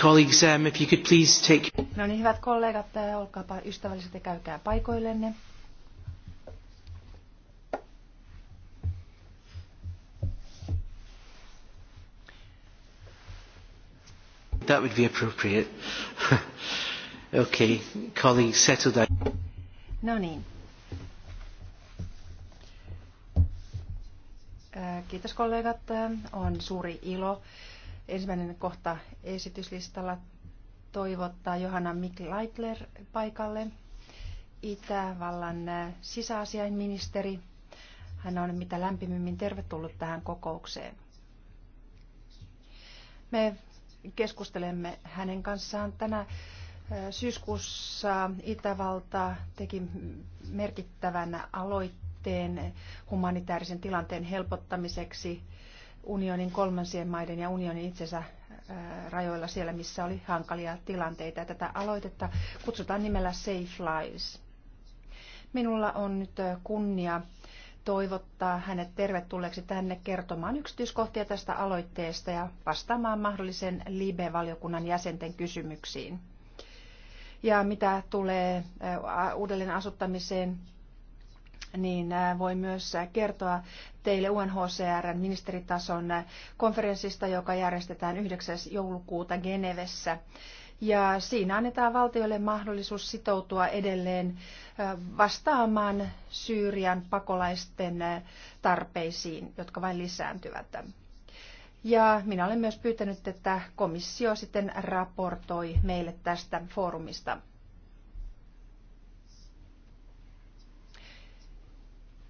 Colleagues, um, if you could please take... No niin, hyvät kollegat, olkaapa ystävälliset ja käykää paikoillenne. That would be appropriate. okay, colleagues, settle down. No niin. Kiitos kollegat. On suuri ilo ensimmäinen kohta esityslistalla toivottaa Johanna Mikl-Leitler paikalle, Itävallan äh, sisäasiainministeri. Hän on mitä lämpimimmin tervetullut tähän kokoukseen. Me keskustelemme hänen kanssaan tänä äh, syyskuussa Itävalta teki merkittävän aloitteen humanitaarisen tilanteen helpottamiseksi unionin kolmansien maiden ja unionin itsensä rajoilla siellä, missä oli hankalia tilanteita. Tätä aloitetta kutsutaan nimellä Safe Lives. Minulla on nyt kunnia toivottaa hänet tervetulleeksi tänne kertomaan yksityiskohtia tästä aloitteesta ja vastaamaan mahdollisen LIBE-valiokunnan jäsenten kysymyksiin. Ja mitä tulee uudelleen asuttamiseen, niin voi myös kertoa teille UNHCRn ministeritason konferenssista, joka järjestetään 9. joulukuuta Genevessä. Ja siinä annetaan valtioille mahdollisuus sitoutua edelleen vastaamaan Syyrian pakolaisten tarpeisiin, jotka vain lisääntyvät. Ja minä olen myös pyytänyt, että komissio sitten raportoi meille tästä foorumista.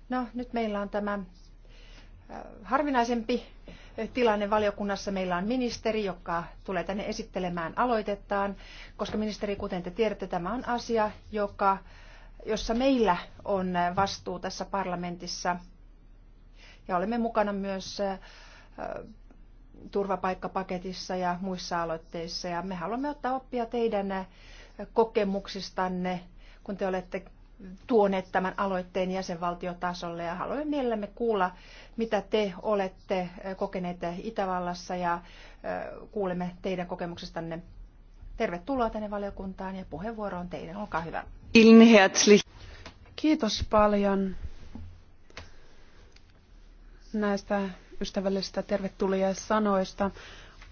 No, nyt meillä on tämä äh, harvinaisempi äh, tilanne valiokunnassa. Meillä on ministeri, joka tulee tänne esittelemään aloitettaan, koska ministeri, kuten te tiedätte, tämä on asia, joka, jossa meillä on äh, vastuu tässä parlamentissa. Ja olemme mukana myös turvapaikkapaketissa ja muissa aloitteissa. Ja me haluamme ottaa oppia teidän kokemuksistanne, kun te olette tuoneet tämän aloitteen jäsenvaltiotasolle ja haluamme mielellämme kuulla, mitä te olette äh, kokeneet Itävallassa ja äh, kuulemme teidän kokemuksestanne. Tervetuloa tänne valiokuntaan ja puheenvuoro on teidän. Olkaa hyvä. Kiitos paljon näistä ystävällisistä tervetulia sanoista.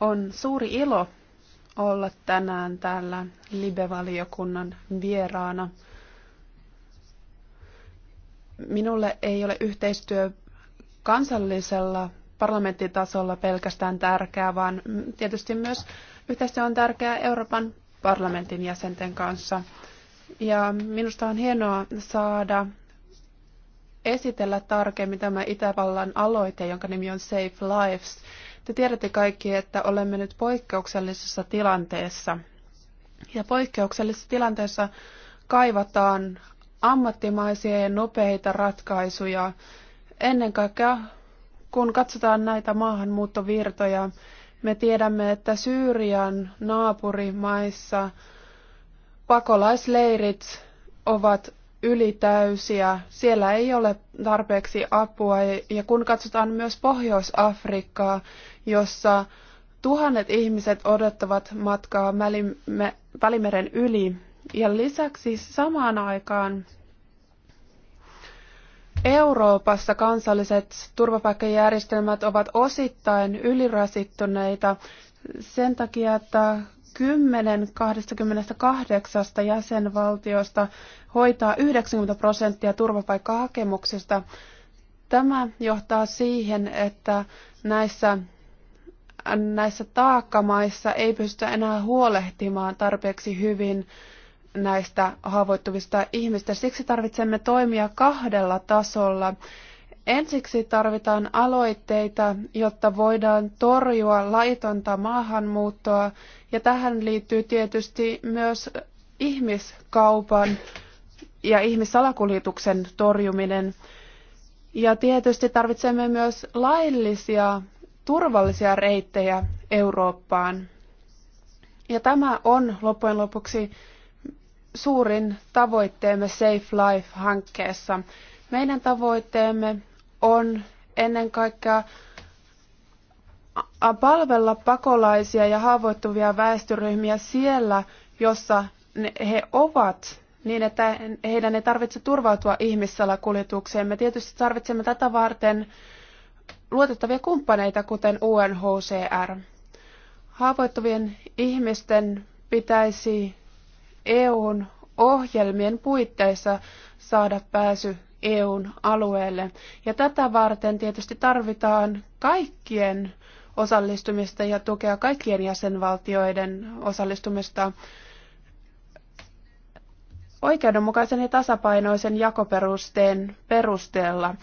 On suuri ilo olla tänään täällä Libe-valiokunnan vieraana. Minulle ei ole yhteistyö kansallisella parlamenttitasolla pelkästään tärkeää, vaan tietysti myös yhteistyö on tärkeää Euroopan parlamentin jäsenten kanssa. Ja minusta on hienoa saada esitellä tarkemmin tämä Itävallan aloite, jonka nimi on Safe Lives. Te tiedätte kaikki, että olemme nyt poikkeuksellisessa tilanteessa. Ja poikkeuksellisessa tilanteessa kaivataan ammattimaisia ja nopeita ratkaisuja. Ennen kaikkea, kun katsotaan näitä maahanmuuttovirtoja, me tiedämme, että Syyrian naapurimaissa pakolaisleirit ovat ylitäysiä, siellä ei ole tarpeeksi apua. Ja kun katsotaan myös Pohjois-Afrikkaa, jossa tuhannet ihmiset odottavat matkaa Välimeren yli, ja lisäksi samaan aikaan Euroopassa kansalliset turvapaikkajärjestelmät ovat osittain ylirasittuneita sen takia, että 10 28 jäsenvaltiosta hoitaa 90 prosenttia turvapaikkahakemuksista. Tämä johtaa siihen, että näissä, näissä taakkamaissa ei pystytä enää huolehtimaan tarpeeksi hyvin näistä haavoittuvista ihmistä. Siksi tarvitsemme toimia kahdella tasolla. Ensiksi tarvitaan aloitteita, jotta voidaan torjua laitonta maahanmuuttoa, ja tähän liittyy tietysti myös ihmiskaupan ja ihmissalakuljetuksen torjuminen. Ja tietysti tarvitsemme myös laillisia, turvallisia reittejä Eurooppaan. Ja tämä on loppujen lopuksi suurin tavoitteemme Safe Life-hankkeessa. Meidän tavoitteemme on ennen kaikkea palvella pakolaisia ja haavoittuvia väestöryhmiä siellä, jossa he ovat, niin että heidän ei tarvitse turvautua ihmissalakuljetukseen. Me tietysti tarvitsemme tätä varten luotettavia kumppaneita, kuten UNHCR. Haavoittuvien ihmisten pitäisi EUn ohjelmien puitteissa saada pääsy EUn alueelle. Ja tätä varten tietysti tarvitaan kaikkien osallistumista ja tukea kaikkien jäsenvaltioiden osallistumista oikeudenmukaisen ja tasapainoisen jakoperusteen perusteella.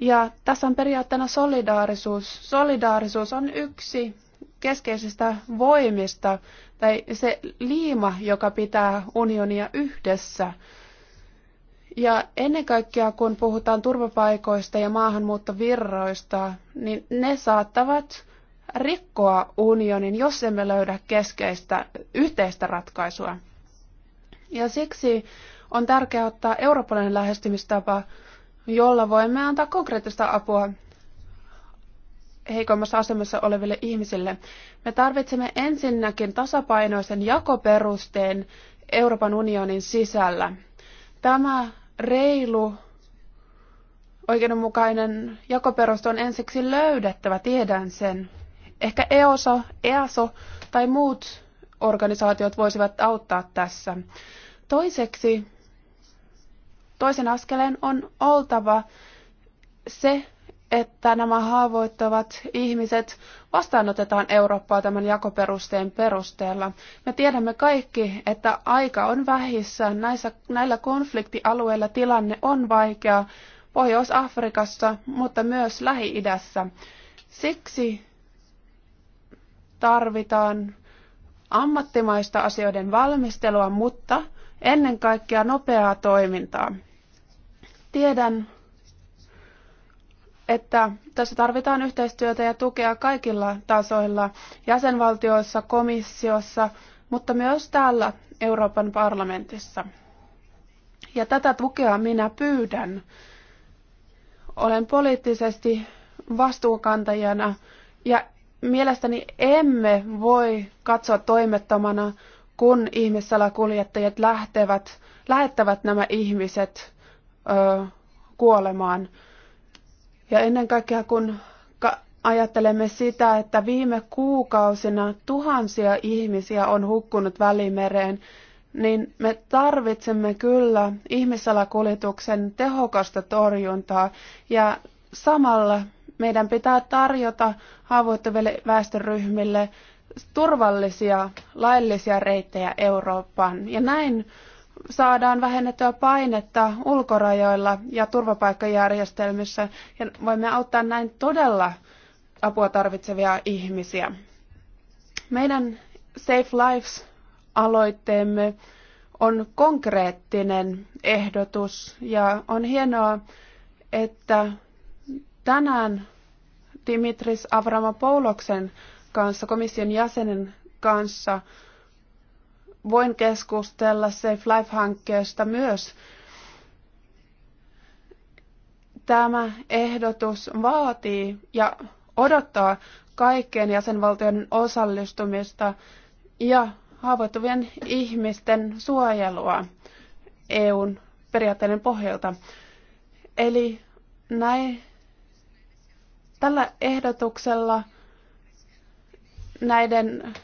Ja tässä on periaatteena solidaarisuus. Solidaarisuus on yksi keskeisistä voimista tai se liima, joka pitää unionia yhdessä. Ja ennen kaikkea, kun puhutaan turvapaikoista ja maahanmuuttovirroista, niin ne saattavat rikkoa unionin, jos emme löydä keskeistä yhteistä ratkaisua. Ja siksi on tärkeää ottaa eurooppalainen lähestymistapa, jolla voimme antaa konkreettista apua heikoimmassa asemassa oleville ihmisille. Me tarvitsemme ensinnäkin tasapainoisen jakoperusteen Euroopan unionin sisällä. Tämä reilu oikeudenmukainen jakoperuste on ensiksi löydettävä, tiedän sen. Ehkä EOSO, EASO tai muut organisaatiot voisivat auttaa tässä. Toiseksi, toisen askeleen on oltava se, että nämä haavoittavat ihmiset vastaanotetaan Eurooppaa tämän jakoperusteen perusteella. Me tiedämme kaikki, että aika on vähissä. Näissä, näillä konfliktialueilla tilanne on vaikea Pohjois-Afrikassa, mutta myös Lähi-idässä. Siksi tarvitaan ammattimaista asioiden valmistelua, mutta ennen kaikkea nopeaa toimintaa. Tiedän, että tässä tarvitaan yhteistyötä ja tukea kaikilla tasoilla, jäsenvaltioissa, komissiossa, mutta myös täällä Euroopan parlamentissa. Ja tätä tukea minä pyydän. Olen poliittisesti vastuunkantajana ja mielestäni emme voi katsoa toimettomana, kun ihmissalakuljettajat lähtevät, lähettävät nämä ihmiset ö, kuolemaan. Ja ennen kaikkea kun ajattelemme sitä, että viime kuukausina tuhansia ihmisiä on hukkunut välimereen, niin me tarvitsemme kyllä ihmissalakuljetuksen tehokasta torjuntaa ja samalla meidän pitää tarjota haavoittuville väestöryhmille turvallisia, laillisia reittejä Eurooppaan. Ja näin saadaan vähennettyä painetta ulkorajoilla ja turvapaikkajärjestelmissä ja voimme auttaa näin todella apua tarvitsevia ihmisiä. Meidän Safe Lives-aloitteemme on konkreettinen ehdotus ja on hienoa, että tänään Dimitris Avramopouloksen kanssa, komission jäsenen kanssa, voin keskustella Safe Life-hankkeesta myös. Tämä ehdotus vaatii ja odottaa kaikkien jäsenvaltioiden osallistumista ja haavoittuvien ihmisten suojelua EUn periaatteiden pohjalta. Eli näin, tällä ehdotuksella näiden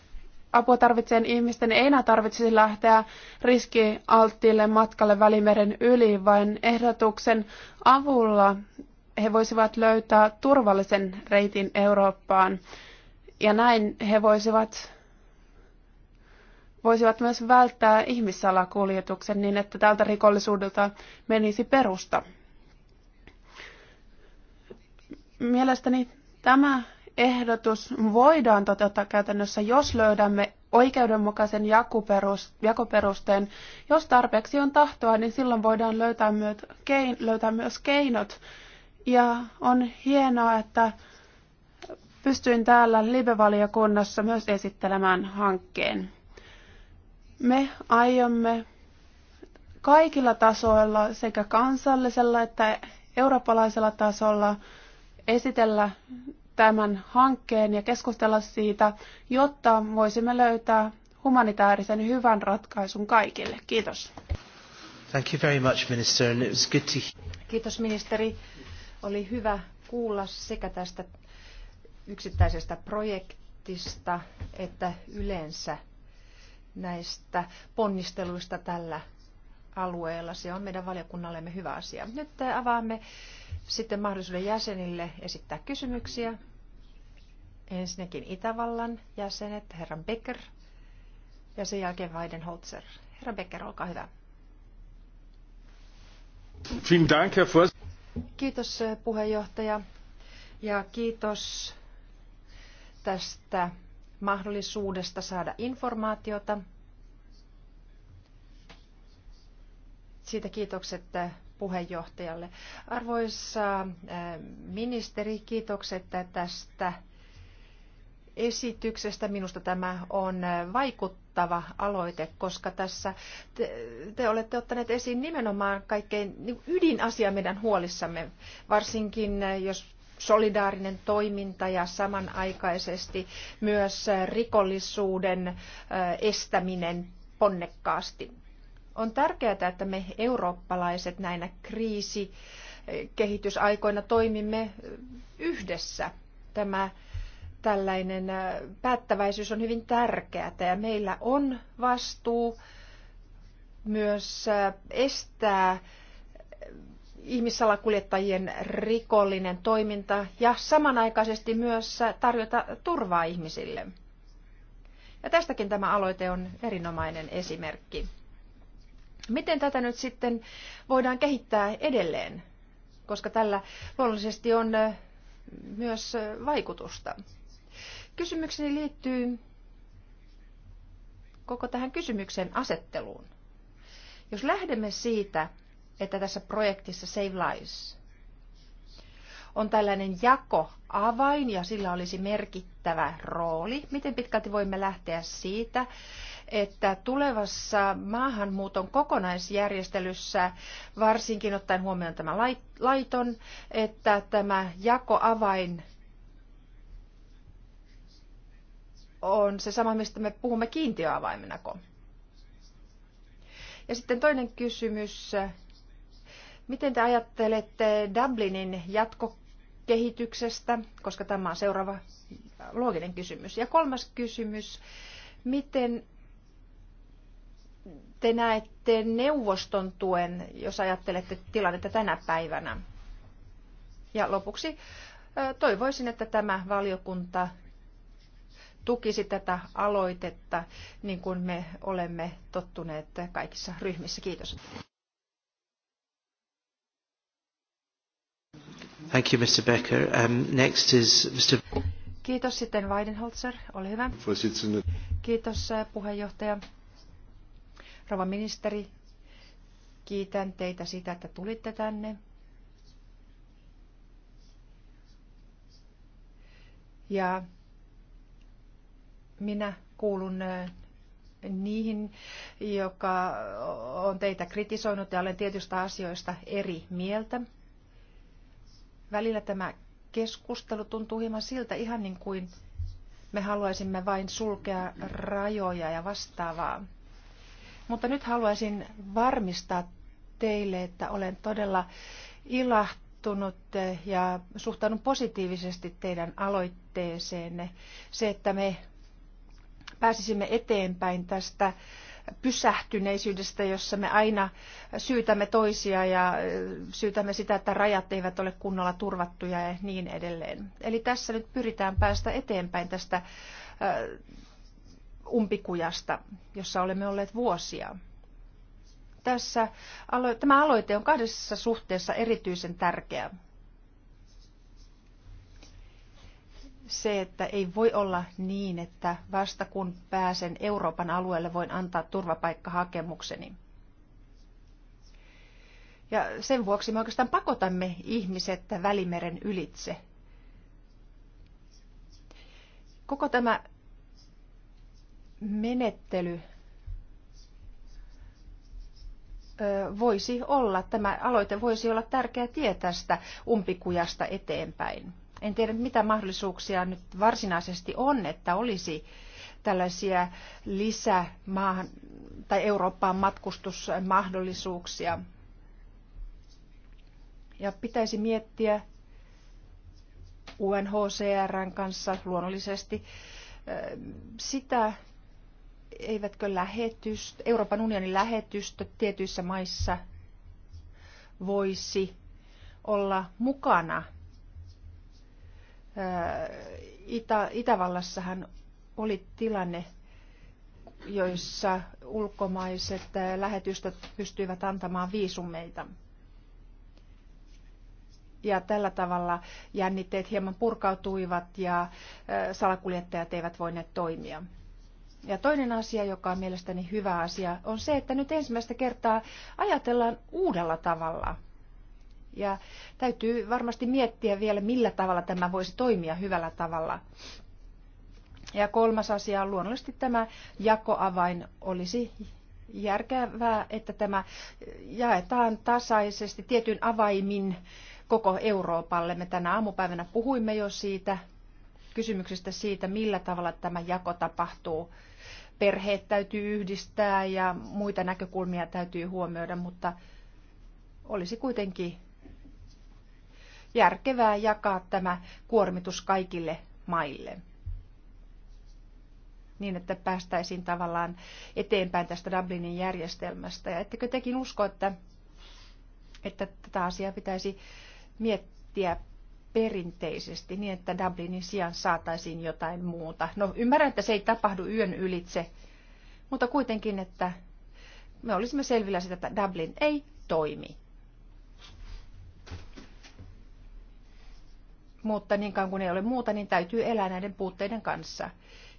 apua tarvitsevien ihmisten ei enää tarvitsisi lähteä riskialttiille matkalle Välimeren yli, vaan ehdotuksen avulla he voisivat löytää turvallisen reitin Eurooppaan. Ja näin he voisivat, voisivat myös välttää ihmissalakuljetuksen niin, että tältä rikollisuudelta menisi perusta. Mielestäni tämä ehdotus voidaan toteuttaa käytännössä, jos löydämme oikeudenmukaisen jakoperusteen. Jos tarpeeksi on tahtoa, niin silloin voidaan löytää, myös, kein, löytää myös keinot. Ja on hienoa, että pystyin täällä live-valiokunnassa myös esittelemään hankkeen. Me aiomme kaikilla tasoilla, sekä kansallisella että eurooppalaisella tasolla, esitellä tämän hankkeen ja keskustella siitä, jotta voisimme löytää humanitaarisen hyvän ratkaisun kaikille. Kiitos. Thank you very much, minister, and it was good to... Kiitos ministeri. Oli hyvä kuulla sekä tästä yksittäisestä projektista että yleensä näistä ponnisteluista tällä alueella. Se on meidän valiokunnallemme hyvä asia. Nyt avaamme sitten mahdollisuuden jäsenille esittää kysymyksiä. Ensinnäkin Itävallan jäsenet, herra Becker, ja sen jälkeen Weidenholzer. Herra Becker, olkaa hyvä. Kiitos eh, puheenjohtaja ja kiitos tästä mahdollisuudesta saada informaatiota. Siitä kiitokset eh, puheenjohtajalle. Arvoisa äh, ministeri, kiitokset tästä esityksestä. Minusta tämä on äh, vaikuttava aloite, koska tässä te, te olette ottaneet esiin nimenomaan kaikkein niin ydinasia meidän huolissamme, varsinkin äh, jos solidaarinen toiminta ja samanaikaisesti myös rikollisuuden estäminen ponnekkaasti. On tärkeää, että me eurooppalaiset näinä kriisi kehitysaikoina toimimme yhdessä. Tämä tällainen äh, päättäväisyys on hyvin tärkeää ja meillä on vastuu myös äh, estää äh, ihmissalakuljettajien rikollinen toiminta ja samanaikaisesti myös tarjota turvaa ihmisille. Ja tästäkin tämä aloite on erinomainen esimerkki. Miten tätä nyt sitten voidaan kehittää edelleen? Koska tällä luonnollisesti on myös vaikutusta. Kysymykseni liittyy koko tähän kysymyksen asetteluun. Jos lähdemme siitä, että tässä projektissa Save Lives on tällainen jako avain ja sillä olisi merkittävä rooli, miten pitkälti voimme lähteä siitä, että tulevassa maahanmuuton kokonaisjärjestelyssä, varsinkin ottaen huomioon tämä laiton, että tämä jakoavain on se sama, mistä me puhumme kiintiöavaimenako. Ja sitten toinen kysymys. Miten te ajattelette Dublinin jatkokehityksestä, koska tämä on seuraava looginen kysymys. Ja kolmas kysymys. Miten te näette neuvoston tuen, jos ajattelette tilannetta tänä päivänä? Ja lopuksi toivoisin, että tämä valiokunta tukisi tätä aloitetta, niin kuin me olemme tottuneet kaikissa ryhmissä. Kiitos. Thank you, Mr. Becker. Um, next is Mr. Kiitos sitten Weidenholzer, ole hyvä. Kiitos puheenjohtaja. Rova ministeri, kiitän teitä siitä, että tulitte tänne. Ja minä kuulun niihin, joka on teitä kritisoinut ja olen tietystä asioista eri mieltä. Välillä tämä keskustelu tuntuu hieman siltä ihan niin kuin me haluaisimme vain sulkea rajoja ja vastaavaa. Mutta nyt haluaisin varmistaa teille, että olen todella ilahtunut ja suhtaudun positiivisesti teidän aloitteeseenne. Se, että me pääsisimme eteenpäin tästä pysähtyneisyydestä, jossa me aina syytämme toisia ja syytämme sitä, että rajat eivät ole kunnolla turvattuja ja niin edelleen. Eli tässä nyt pyritään päästä eteenpäin tästä umpikujasta, jossa olemme olleet vuosia. Tässä, tämä aloite on kahdessa suhteessa erityisen tärkeä. se, että ei voi olla niin, että vasta kun pääsen Euroopan alueelle, voin antaa turvapaikkahakemukseni. Ja sen vuoksi me oikeastaan pakotamme ihmiset Välimeren ylitse. Koko tämä menettely voisi olla, tämä aloite voisi olla tärkeä tie tästä umpikujasta eteenpäin. En tiedä, mitä mahdollisuuksia nyt varsinaisesti on, että olisi tällaisia lisämaahan tai Eurooppaan matkustusmahdollisuuksia. Ja pitäisi miettiä UNHCRn kanssa luonnollisesti sitä, eivätkö lähetyst, Euroopan unionin lähetystö tietyissä maissa voisi olla mukana. Itä, Itävallassahan oli tilanne, joissa ulkomaiset lähetystöt pystyivät antamaan viisumeita. Ja tällä tavalla jännitteet hieman purkautuivat ja salakuljettajat eivät voineet toimia. Ja toinen asia, joka on mielestäni hyvä asia, on se, että nyt ensimmäistä kertaa ajatellaan uudella tavalla. Ja täytyy varmasti miettiä vielä, millä tavalla tämä voisi toimia hyvällä tavalla. Ja kolmas asia on luonnollisesti tämä jakoavain olisi järkevää, että tämä jaetaan tasaisesti tietyn avaimin koko Euroopalle. Me tänä aamupäivänä puhuimme jo siitä, kysymyksestä siitä, millä tavalla tämä jako tapahtuu. Perheet täytyy yhdistää ja muita näkökulmia täytyy huomioida, mutta olisi kuitenkin järkevää jakaa tämä kuormitus kaikille maille niin, että päästäisiin tavallaan eteenpäin tästä Dublinin järjestelmästä. Ja ettekö tekin usko, että, että tätä asiaa pitäisi miettiä perinteisesti niin, että Dublinin sijaan saataisiin jotain muuta. No ymmärrän, että se ei tapahdu yön ylitse, mutta kuitenkin, että me olisimme selvillä sitä, että Dublin ei toimi. Mutta niin kauan kuin ei ole muuta, niin täytyy elää näiden puutteiden kanssa.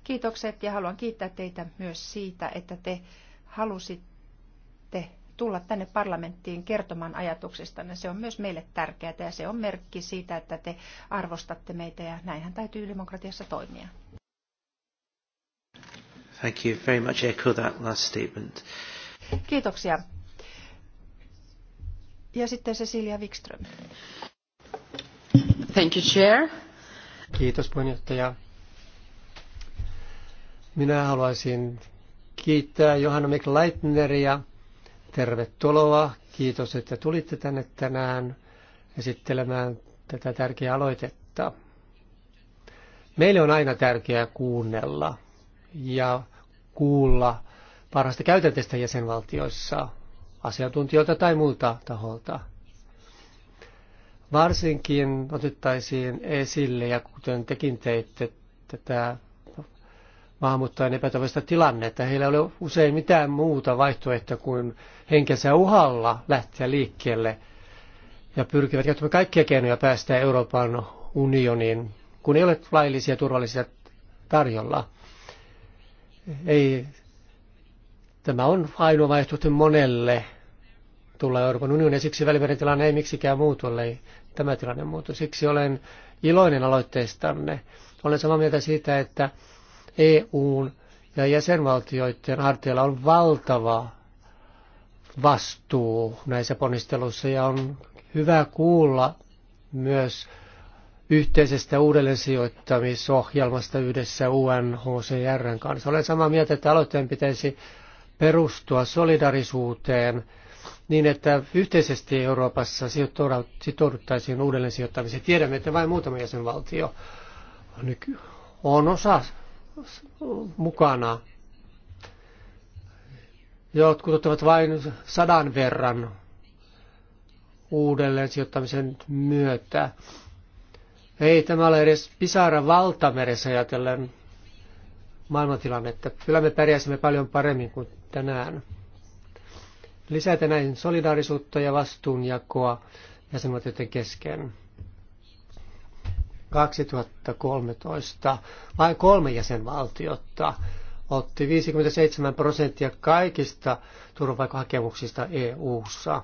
Kiitokset ja haluan kiittää teitä myös siitä, että te halusitte tulla tänne parlamenttiin kertomaan ajatuksista, niin Se on myös meille tärkeää ja se on merkki siitä, että te arvostatte meitä ja näinhän täytyy demokratiassa toimia. Thank you very much. Echo that last statement. Kiitoksia. Ja sitten Cecilia Wikström. Thank you, Chair. Kiitos puheenjohtaja. Minä haluaisin kiittää Johanna McLeitneria Tervetuloa. Kiitos, että tulitte tänne tänään esittelemään tätä tärkeää aloitetta. Meille on aina tärkeää kuunnella ja kuulla parhaista käytänteistä jäsenvaltioissa, asiantuntijoilta tai muilta taholta. Varsinkin otettaisiin esille, ja kuten tekin teitte, tätä maahanmuuttajien epätavallista tilannetta. Heillä ei ole usein mitään muuta vaihtoehtoa kuin henkensä uhalla lähteä liikkeelle ja pyrkivät käyttämään kaikkia keinoja päästä Euroopan unioniin, kun ei ole laillisia turvallisia tarjolla. Ei, tämä on ainoa vaihtoehto monelle tulla Euroopan unioniin, ja siksi välimeren tilanne ei miksikään muutu, ei tämä tilanne muutu. Siksi olen iloinen aloitteistanne. Olen samaa mieltä siitä, että EUn ja jäsenvaltioiden harteilla on valtava vastuu näissä ponnisteluissa ja on hyvä kuulla myös yhteisestä uudelleensijoittamisohjelmasta yhdessä UNHCRn kanssa. Olen samaa mieltä, että aloitteen pitäisi perustua solidarisuuteen niin, että yhteisesti Euroopassa sitouduttaisiin uudelleensijoittamiseen. Tiedämme, että vain muutama jäsenvaltio on osa mukana. Jotkut ottavat vain sadan verran uudelleen sijoittamisen myötä. Ei tämä ole edes pisara valtameressä ajatellen maailmantilannetta. Kyllä me pärjäsimme paljon paremmin kuin tänään. Lisätä näin solidaarisuutta ja vastuunjakoa jäsenvaltioiden kesken. 2013 vain kolme jäsenvaltiota otti 57 prosenttia kaikista turvapaikkahakemuksista EU-ssa.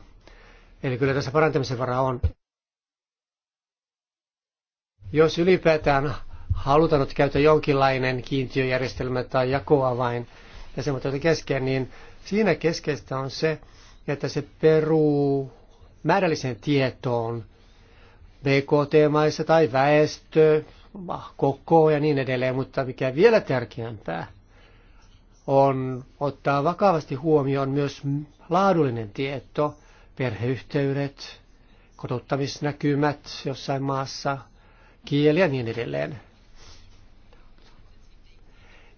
Eli kyllä tässä parantamisen varaa on. Jos ylipäätään halutaan ottaa käyttää jonkinlainen kiintiöjärjestelmä tai jakoavain jäsenvaltioiden kesken, niin siinä keskeistä on se, että se peruu määrälliseen tietoon BKT-maissa tai väestö, ah, koko ja niin edelleen, mutta mikä vielä tärkeämpää on ottaa vakavasti huomioon myös laadullinen tieto, perheyhteydet, kotouttamisnäkymät jossain maassa, kieli ja niin edelleen.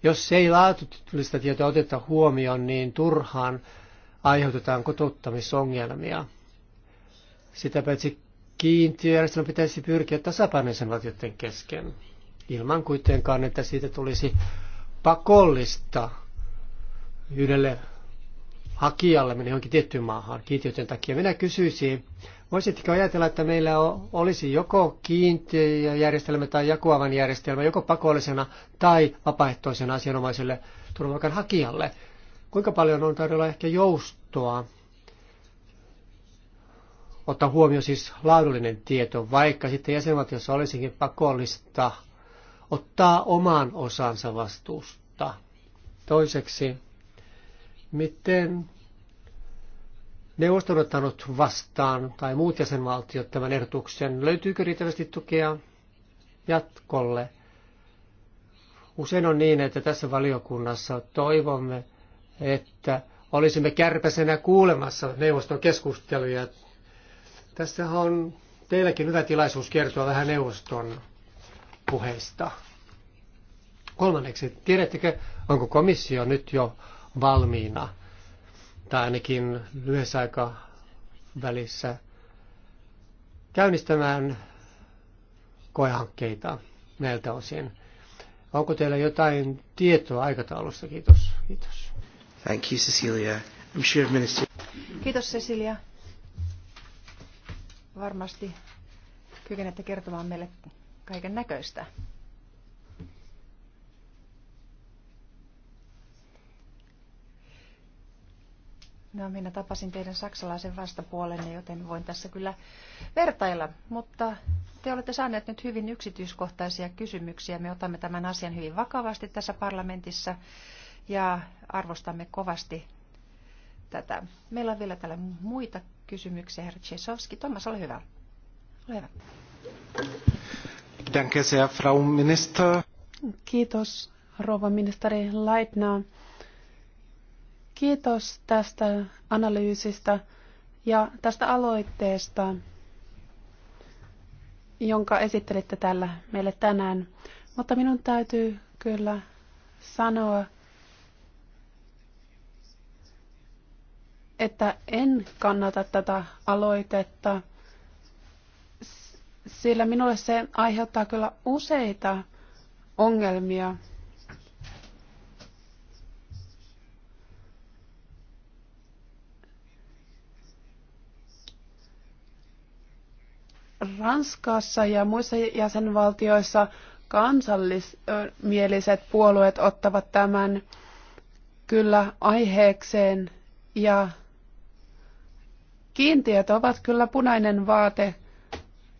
Jos ei laatullista tietoa oteta huomioon, niin turhaan aiheutetaan kotouttamisongelmia. Sitä paitsi kiintiöjärjestelmä pitäisi pyrkiä tasapainoisen valtioiden kesken, ilman kuitenkaan, että siitä tulisi pakollista yhdelle hakijalle mennä johonkin tiettyyn maahan kiintiöiden takia. Minä kysyisin, voisitko ajatella, että meillä olisi joko kiintiöjärjestelmä tai jakuavan järjestelmä, joko pakollisena tai vapaaehtoisena asianomaiselle turvapaikan hakijalle? Kuinka paljon on tarjolla ehkä joustoa ottaa huomioon siis laadullinen tieto, vaikka sitten jäsenvaltiossa olisikin pakollista ottaa oman osansa vastuusta. Toiseksi, miten neuvosto on ottanut vastaan tai muut jäsenvaltiot tämän ehdotuksen? Löytyykö riittävästi tukea jatkolle? Usein on niin, että tässä valiokunnassa toivomme, että olisimme kärpäsenä kuulemassa neuvoston keskusteluja tässä on teilläkin hyvä tilaisuus kertoa vähän neuvoston puheista. Kolmanneksi, tiedättekö, onko komissio nyt jo valmiina, tai ainakin lyhyessä välissä käynnistämään koehankkeita näiltä osin. Onko teillä jotain tietoa aikataulusta? Kiitos. Kiitos. Thank you, Cecilia. I'm sure minister... Kiitos Cecilia varmasti kykenette kertomaan meille kaiken näköistä. No, minä tapasin teidän saksalaisen vastapuolenne, joten voin tässä kyllä vertailla, mutta te olette saaneet nyt hyvin yksityiskohtaisia kysymyksiä. Me otamme tämän asian hyvin vakavasti tässä parlamentissa ja arvostamme kovasti tätä. Meillä on vielä täällä muita kysymykseen, herra Czesowski. Tomas, ole hyvä. Ole hyvä. Frau Minister. Kiitos, rouva ministeri Leitner. Kiitos tästä analyysistä ja tästä aloitteesta, jonka esittelitte täällä meille tänään. Mutta minun täytyy kyllä sanoa, että en kannata tätä aloitetta, sillä minulle se aiheuttaa kyllä useita ongelmia. Ranskassa ja muissa jäsenvaltioissa kansallismieliset puolueet ottavat tämän kyllä aiheekseen ja Kiintiöt ovat kyllä punainen vaate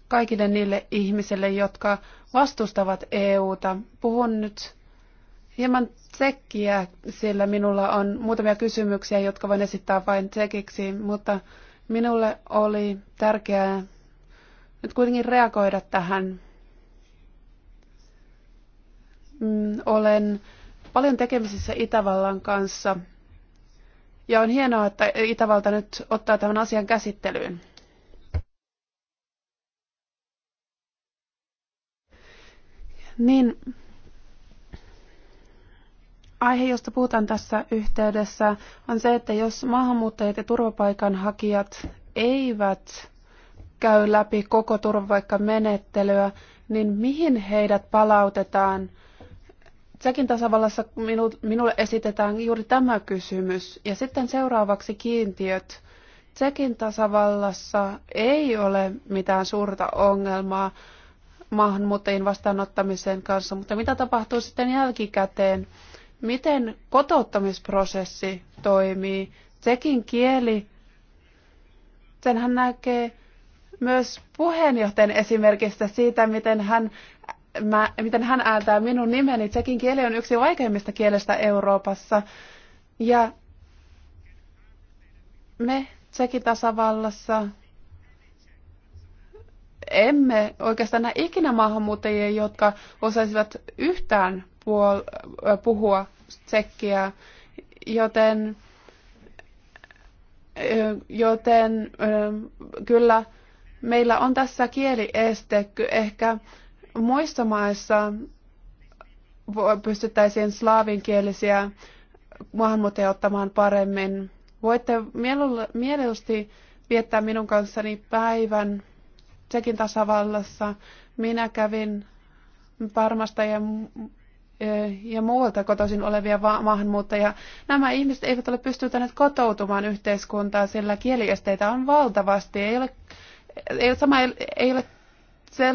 kaikille niille ihmisille, jotka vastustavat EUta. Puhun nyt hieman tsekkiä, sillä minulla on muutamia kysymyksiä, jotka voin esittää vain tsekiksi, mutta minulle oli tärkeää nyt kuitenkin reagoida tähän. Mm, olen paljon tekemisissä Itävallan kanssa ja on hienoa, että Itävalta nyt ottaa tämän asian käsittelyyn. Niin, aihe, josta puhutaan tässä yhteydessä, on se, että jos maahanmuuttajat ja turvapaikanhakijat eivät käy läpi koko turvapaikkamenettelyä, niin mihin heidät palautetaan – Tsekin tasavallassa minu, minulle esitetään juuri tämä kysymys. Ja sitten seuraavaksi kiintiöt. Tsekin tasavallassa ei ole mitään suurta ongelmaa maahanmuuttajien vastaanottamisen kanssa, mutta mitä tapahtuu sitten jälkikäteen? Miten kotouttamisprosessi toimii? Tsekin kieli, senhän näkee myös puheenjohtajan esimerkistä siitä, miten hän mä, miten hän ääntää minun nimeni. Tsekin kieli on yksi vaikeimmista kielistä Euroopassa. Ja me Tsekin tasavallassa emme oikeastaan näe ikinä maahanmuuttajia, jotka osaisivat yhtään puol- puhua tsekkiä, joten, joten kyllä meillä on tässä kielieste ehkä Muissa maissa pystyttäisiin slaavinkielisiä maahanmuuttajia ottamaan paremmin. Voitte mieluusti viettää minun kanssani päivän Tsekin tasavallassa. Minä kävin Parmasta ja, e- ja muualta kotoisin olevia maahanmuuttajia. Nämä ihmiset eivät ole pystyneet kotoutumaan yhteiskuntaan, sillä kieliesteitä on valtavasti. Ei ole, ei, sama, ei ole se,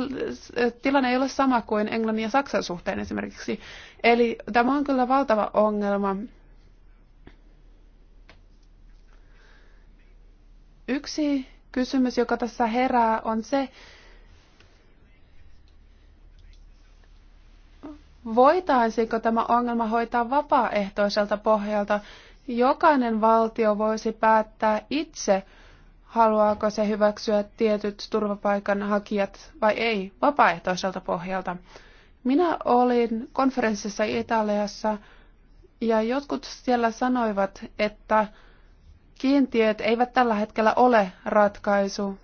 tilanne ei ole sama kuin Englannin ja Saksan suhteen esimerkiksi. Eli tämä on kyllä valtava ongelma. Yksi kysymys, joka tässä herää, on se, voitaisiinko tämä ongelma hoitaa vapaaehtoiselta pohjalta. Jokainen valtio voisi päättää itse, haluaako se hyväksyä tietyt hakijat vai ei vapaaehtoiselta pohjalta. Minä olin konferenssissa Italiassa ja jotkut siellä sanoivat, että kiintiöt eivät tällä hetkellä ole ratkaisu.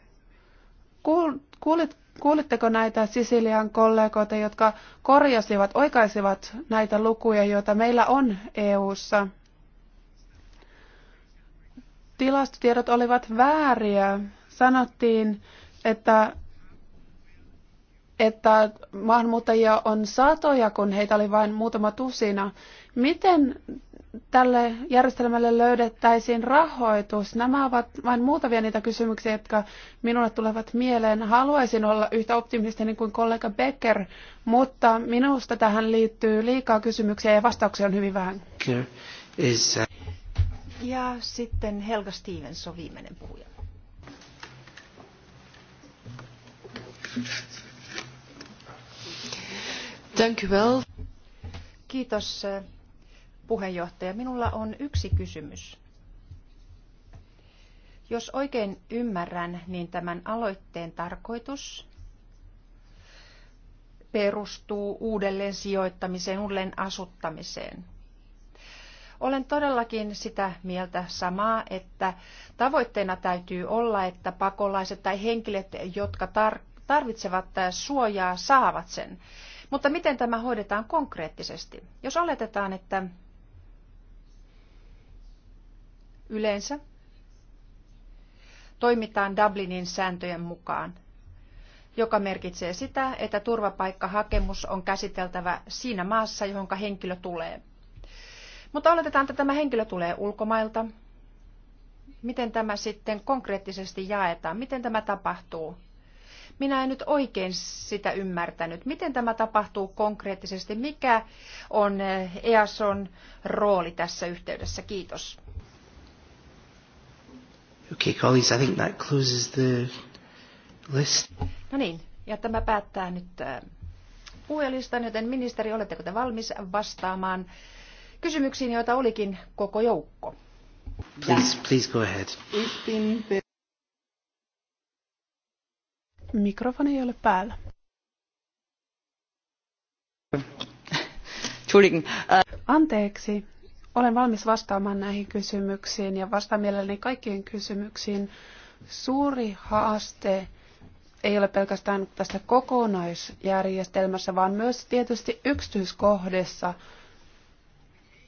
Kuulit, kuulitteko näitä Sisilian kollegoita, jotka korjasivat, oikaisivat näitä lukuja, joita meillä on EU:ssa? tilastotiedot olivat vääriä. Sanottiin, että, että maahanmuuttajia on satoja, kun heitä oli vain muutama tusina. Miten tälle järjestelmälle löydettäisiin rahoitus? Nämä ovat vain muutamia niitä kysymyksiä, jotka minulle tulevat mieleen. Haluaisin olla yhtä optimistinen kuin kollega Becker, mutta minusta tähän liittyy liikaa kysymyksiä ja vastauksia on hyvin vähän. Ja sitten Helga Stevens on viimeinen puhuja. Thank you well. Kiitos puheenjohtaja. Minulla on yksi kysymys. Jos oikein ymmärrän, niin tämän aloitteen tarkoitus perustuu uudelleen sijoittamiseen, uudelleen asuttamiseen. Olen todellakin sitä mieltä samaa, että tavoitteena täytyy olla, että pakolaiset tai henkilöt, jotka tarvitsevat suojaa, saavat sen. Mutta miten tämä hoidetaan konkreettisesti? Jos oletetaan, että yleensä toimitaan Dublinin sääntöjen mukaan, joka merkitsee sitä, että turvapaikkahakemus on käsiteltävä siinä maassa, johon henkilö tulee. Mutta oletetaan, että tämä henkilö tulee ulkomailta. Miten tämä sitten konkreettisesti jaetaan? Miten tämä tapahtuu? Minä en nyt oikein sitä ymmärtänyt. Miten tämä tapahtuu konkreettisesti? Mikä on EASON eh, e rooli tässä yhteydessä? Kiitos. Okay, colleagues, I think that closes the list. No niin, ja tämä päättää nyt eh, puhelistan, joten ministeri, oletteko te valmis vastaamaan kysymyksiin, joita olikin koko joukko. Please, please go ahead. Mikrofoni ei ole päällä. Anteeksi. Olen valmis vastaamaan näihin kysymyksiin ja vastaan mielelläni kaikkiin kysymyksiin. Suuri haaste ei ole pelkästään tässä kokonaisjärjestelmässä, vaan myös tietysti yksityiskohdissa –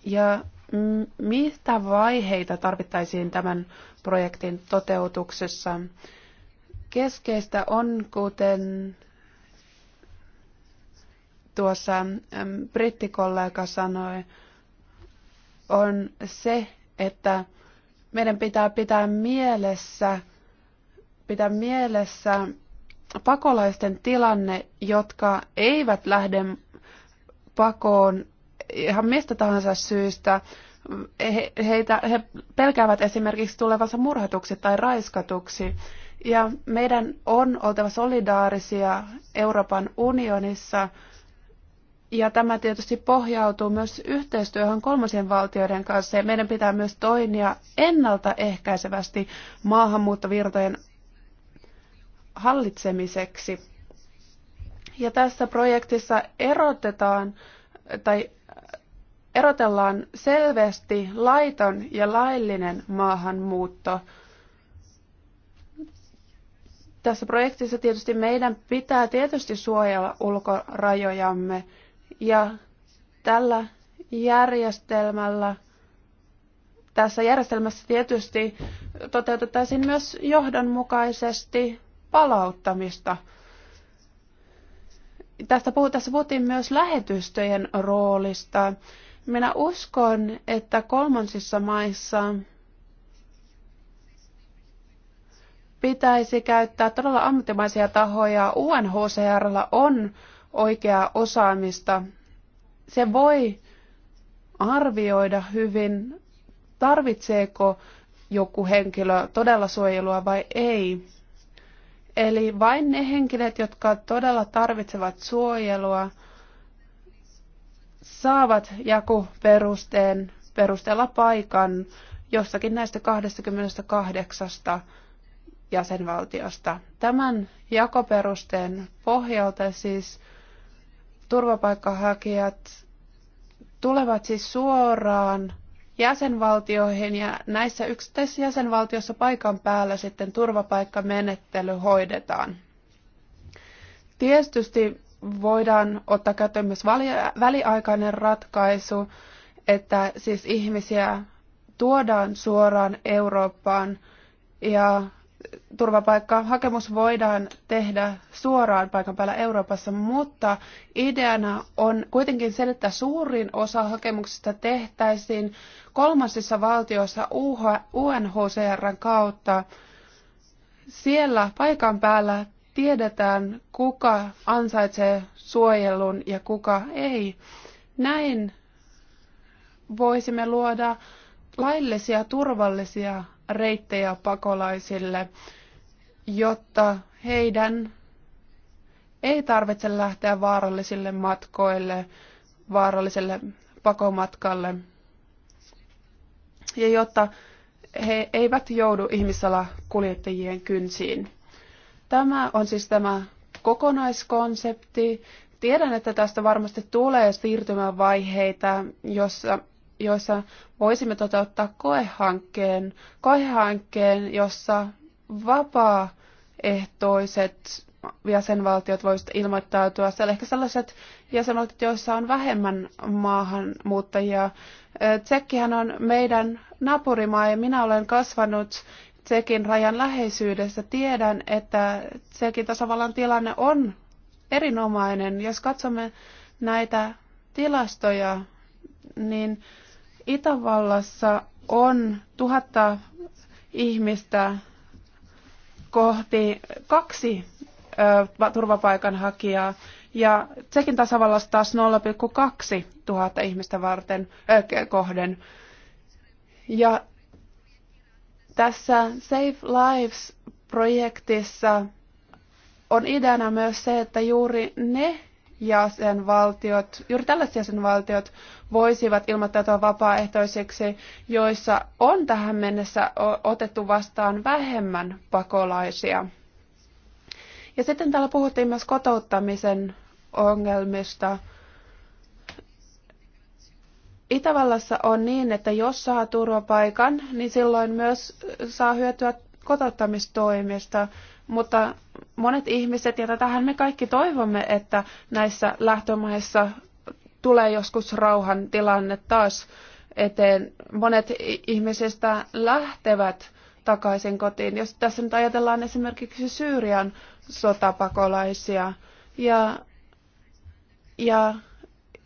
ja mitä vaiheita tarvittaisiin tämän projektin toteutuksessa? Keskeistä on, kuten tuossa brittikollega sanoi, on se, että meidän pitää pitää mielessä, pitää mielessä pakolaisten tilanne, jotka eivät lähde pakoon ihan mistä tahansa syystä. He, heitä, he pelkäävät esimerkiksi tulevansa murhatuksi tai raiskatuksi. Ja meidän on oltava solidaarisia Euroopan unionissa. Ja tämä tietysti pohjautuu myös yhteistyöhön kolmosien valtioiden kanssa. Ja meidän pitää myös toimia ennaltaehkäisevästi maahanmuuttovirtojen hallitsemiseksi. Ja tässä projektissa erotetaan tai erotellaan selvästi laiton ja laillinen maahanmuutto. Tässä projektissa tietysti meidän pitää tietysti suojella ulkorajojamme ja tällä järjestelmällä tässä järjestelmässä tietysti toteutettaisiin myös johdonmukaisesti palauttamista. Tästä puhutaan tässä puhuttiin myös lähetystöjen roolista. Minä uskon, että kolmansissa maissa pitäisi käyttää todella ammattimaisia tahoja. UNHCR on oikeaa osaamista. Se voi arvioida hyvin, tarvitseeko joku henkilö todella suojelua vai ei. Eli vain ne henkilöt, jotka todella tarvitsevat suojelua, saavat jakuperusteen perusteella paikan jossakin näistä 28 jäsenvaltiosta. Tämän jakoperusteen pohjalta siis turvapaikkahakijat tulevat siis suoraan jäsenvaltioihin ja näissä yksittäisissä jäsenvaltiossa paikan päällä sitten turvapaikkamenettely hoidetaan. Tietysti voidaan ottaa käyttöön myös väliaikainen ratkaisu, että siis ihmisiä tuodaan suoraan Eurooppaan ja turvapaikkahakemus voidaan tehdä suoraan paikan päällä Euroopassa, mutta ideana on kuitenkin se, että suurin osa hakemuksista tehtäisiin kolmansissa valtioissa UNHCRn kautta. Siellä paikan päällä tiedetään, kuka ansaitsee suojelun ja kuka ei. Näin voisimme luoda laillisia, turvallisia reittejä pakolaisille, jotta heidän ei tarvitse lähteä vaarallisille matkoille, vaaralliselle pakomatkalle. Ja jotta he eivät joudu ihmissalakuljettajien kynsiin. Tämä on siis tämä kokonaiskonsepti. Tiedän, että tästä varmasti tulee siirtymävaiheita, jossa, joissa voisimme toteuttaa koehankkeen, koehankkeen jossa vapaaehtoiset jäsenvaltiot voisivat ilmoittautua. Siellä ehkä sellaiset jäsenvaltiot, joissa on vähemmän maahanmuuttajia. Tsekkihän on meidän naapurimaa ja minä olen kasvanut Tsekin rajan läheisyydessä. Tiedän, että Tsekin tasavallan tilanne on erinomainen. Jos katsomme näitä tilastoja, niin Itävallassa on tuhatta ihmistä kohti kaksi ö, turvapaikanhakijaa ja Tsekin tasavallassa taas 0,2 tuhatta ihmistä varten ö, kohden. Ja tässä Save Lives-projektissa on ideana myös se, että juuri ne jäsenvaltiot, juuri tällaiset jäsenvaltiot voisivat ilmoittautua vapaaehtoisiksi, joissa on tähän mennessä otettu vastaan vähemmän pakolaisia. Ja sitten täällä puhuttiin myös kotouttamisen ongelmista. Itävallassa on niin, että jos saa turvapaikan, niin silloin myös saa hyötyä kotouttamistoimista, mutta monet ihmiset, ja tähän me kaikki toivomme, että näissä lähtömaissa tulee joskus rauhan tilanne taas eteen. Monet ihmisistä lähtevät takaisin kotiin. Jos tässä nyt ajatellaan esimerkiksi Syyrian sotapakolaisia ja, ja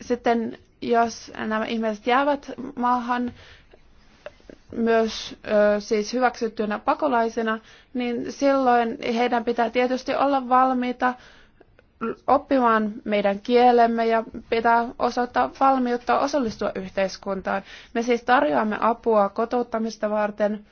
sitten jos nämä ihmiset jäävät maahan myös ö, siis hyväksyttynä pakolaisina, niin silloin heidän pitää tietysti olla valmiita oppimaan meidän kielemme ja pitää osoittaa valmiutta osallistua yhteiskuntaan. Me siis tarjoamme apua kotouttamista varten.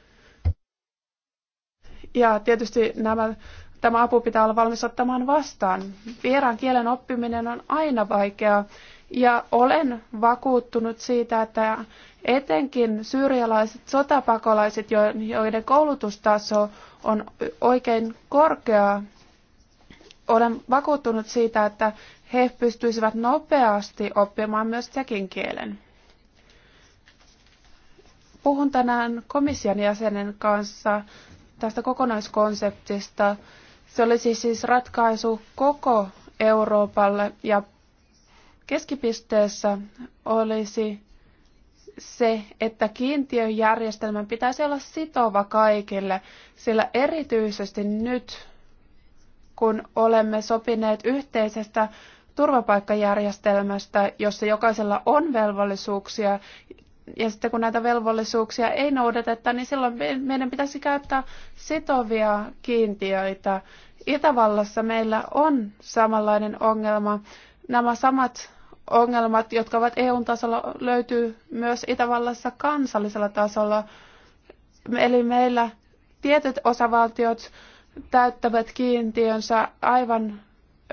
Ja tietysti nämä, tämä apu pitää olla valmis ottamaan vastaan. Vieraan kielen oppiminen on aina vaikeaa ja olen vakuuttunut siitä, että etenkin syyrialaiset sotapakolaiset, joiden koulutustaso on oikein korkea, olen vakuuttunut siitä, että he pystyisivät nopeasti oppimaan myös tsekin kielen. Puhun tänään komission jäsenen kanssa tästä kokonaiskonseptista. Se olisi siis ratkaisu koko Euroopalle ja keskipisteessä olisi se, että kiintiöjärjestelmän pitäisi olla sitova kaikille, sillä erityisesti nyt, kun olemme sopineet yhteisestä turvapaikkajärjestelmästä, jossa jokaisella on velvollisuuksia, ja sitten kun näitä velvollisuuksia ei noudateta, niin silloin meidän pitäisi käyttää sitovia kiintiöitä. Itävallassa meillä on samanlainen ongelma nämä samat ongelmat, jotka ovat EU-tasolla, löytyy myös Itävallassa kansallisella tasolla. Eli meillä tietyt osavaltiot täyttävät kiintiönsä aivan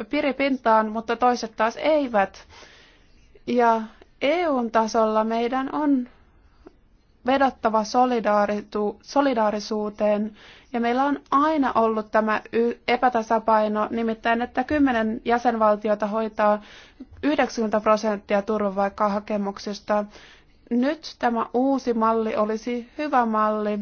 piripintaan, mutta toiset taas eivät. Ja EUn tasolla meidän on vedottava solidaarisuuteen. Ja meillä on aina ollut tämä epätasapaino, nimittäin että kymmenen jäsenvaltiota hoitaa 90 prosenttia turvapaikkahakemuksista. Nyt tämä uusi malli olisi hyvä malli.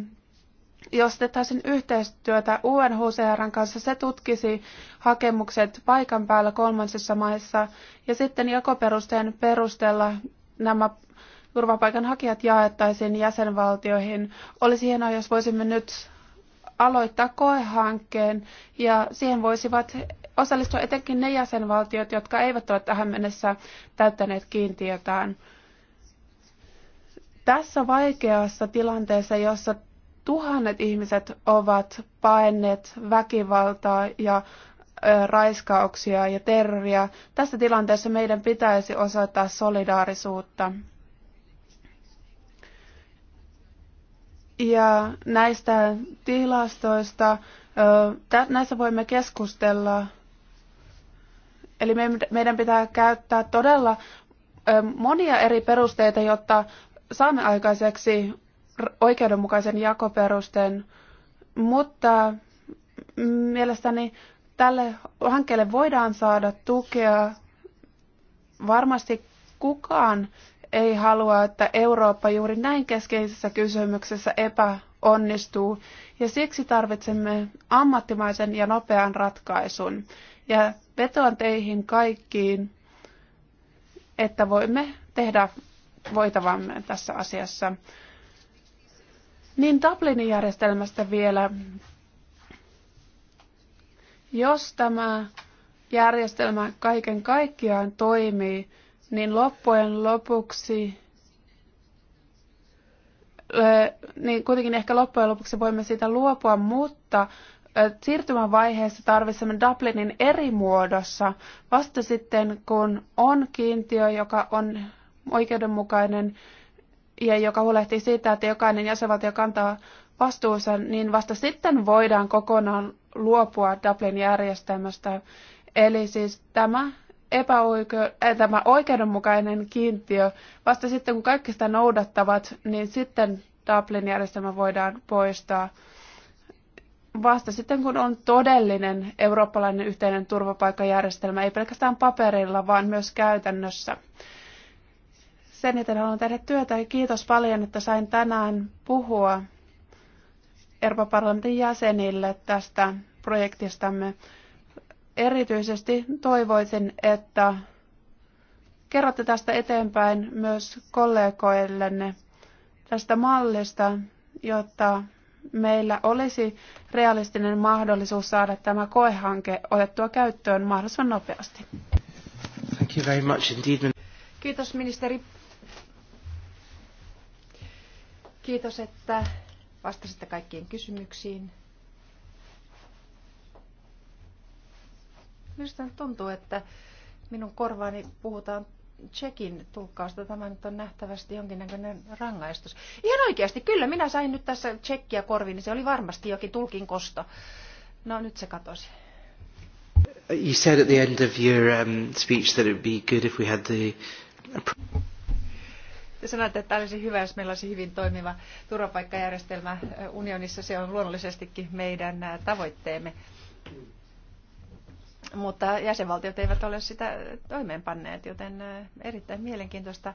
Jos tehtäisiin yhteistyötä UNHCRn kanssa, se tutkisi hakemukset paikan päällä kolmansissa maissa ja sitten jakoperusteen perusteella nämä turvapaikanhakijat jaettaisiin jäsenvaltioihin. Olisi hienoa, jos voisimme nyt aloittaa koehankkeen ja siihen voisivat osallistua etenkin ne jäsenvaltiot, jotka eivät ole tähän mennessä täyttäneet kiintiötään. Tässä vaikeassa tilanteessa, jossa tuhannet ihmiset ovat paenneet väkivaltaa ja raiskauksia ja terroria. Tässä tilanteessa meidän pitäisi osoittaa solidaarisuutta. Ja näistä tilastoista, näistä voimme keskustella. Eli meidän pitää käyttää todella monia eri perusteita, jotta saamme aikaiseksi oikeudenmukaisen jakoperusteen. Mutta mielestäni tälle hankkeelle voidaan saada tukea. Varmasti kukaan ei halua, että Eurooppa juuri näin keskeisessä kysymyksessä epäonnistuu, ja siksi tarvitsemme ammattimaisen ja nopean ratkaisun. Ja vetoan teihin kaikkiin, että voimme tehdä voitavamme tässä asiassa. Niin Dublinin järjestelmästä vielä. Jos tämä järjestelmä kaiken kaikkiaan toimii, niin loppujen lopuksi, niin kuitenkin ehkä loppujen lopuksi voimme siitä luopua, mutta siirtymävaiheessa tarvitsemme Dublinin eri muodossa. Vasta sitten, kun on kiintiö, joka on oikeudenmukainen ja joka huolehtii siitä, että jokainen jäsenvaltio kantaa vastuunsa, niin vasta sitten voidaan kokonaan luopua Dublin-järjestelmästä. Eli siis tämä epäoikeu- eh, tämä oikeudenmukainen kiintiö, vasta sitten kun kaikki sitä noudattavat, niin sitten Dublin-järjestelmä voidaan poistaa. Vasta sitten kun on todellinen eurooppalainen yhteinen turvapaikkajärjestelmä, ei pelkästään paperilla, vaan myös käytännössä. Sen eteen haluan tehdä työtä ja kiitos paljon, että sain tänään puhua Euroopan parlamentin jäsenille tästä projektistamme erityisesti toivoisin, että kerrotte tästä eteenpäin myös kollegoillenne tästä mallista, jotta meillä olisi realistinen mahdollisuus saada tämä koehanke otettua käyttöön mahdollisimman nopeasti. Thank you very much indeed. Kiitos ministeri. Kiitos, että vastasitte kaikkiin kysymyksiin. Minusta tuntuu, että minun korvaani puhutaan Tsekin tulkkausta. Tämä nyt on nähtävästi jonkinnäköinen rangaistus. Ihan oikeasti, kyllä, minä sain nyt tässä tsekkiä korviin, niin se oli varmasti jokin tulkin kosto. No nyt se katosi. You said at the end of your um, speech that it would be good if we had the... Te sanoitte, että olisi hyvä, jos meillä olisi hyvin toimiva turvapaikkajärjestelmä unionissa. Se on luonnollisestikin meidän tavoitteemme mutta jäsenvaltiot eivät ole sitä toimeenpanneet, joten erittäin mielenkiintoista.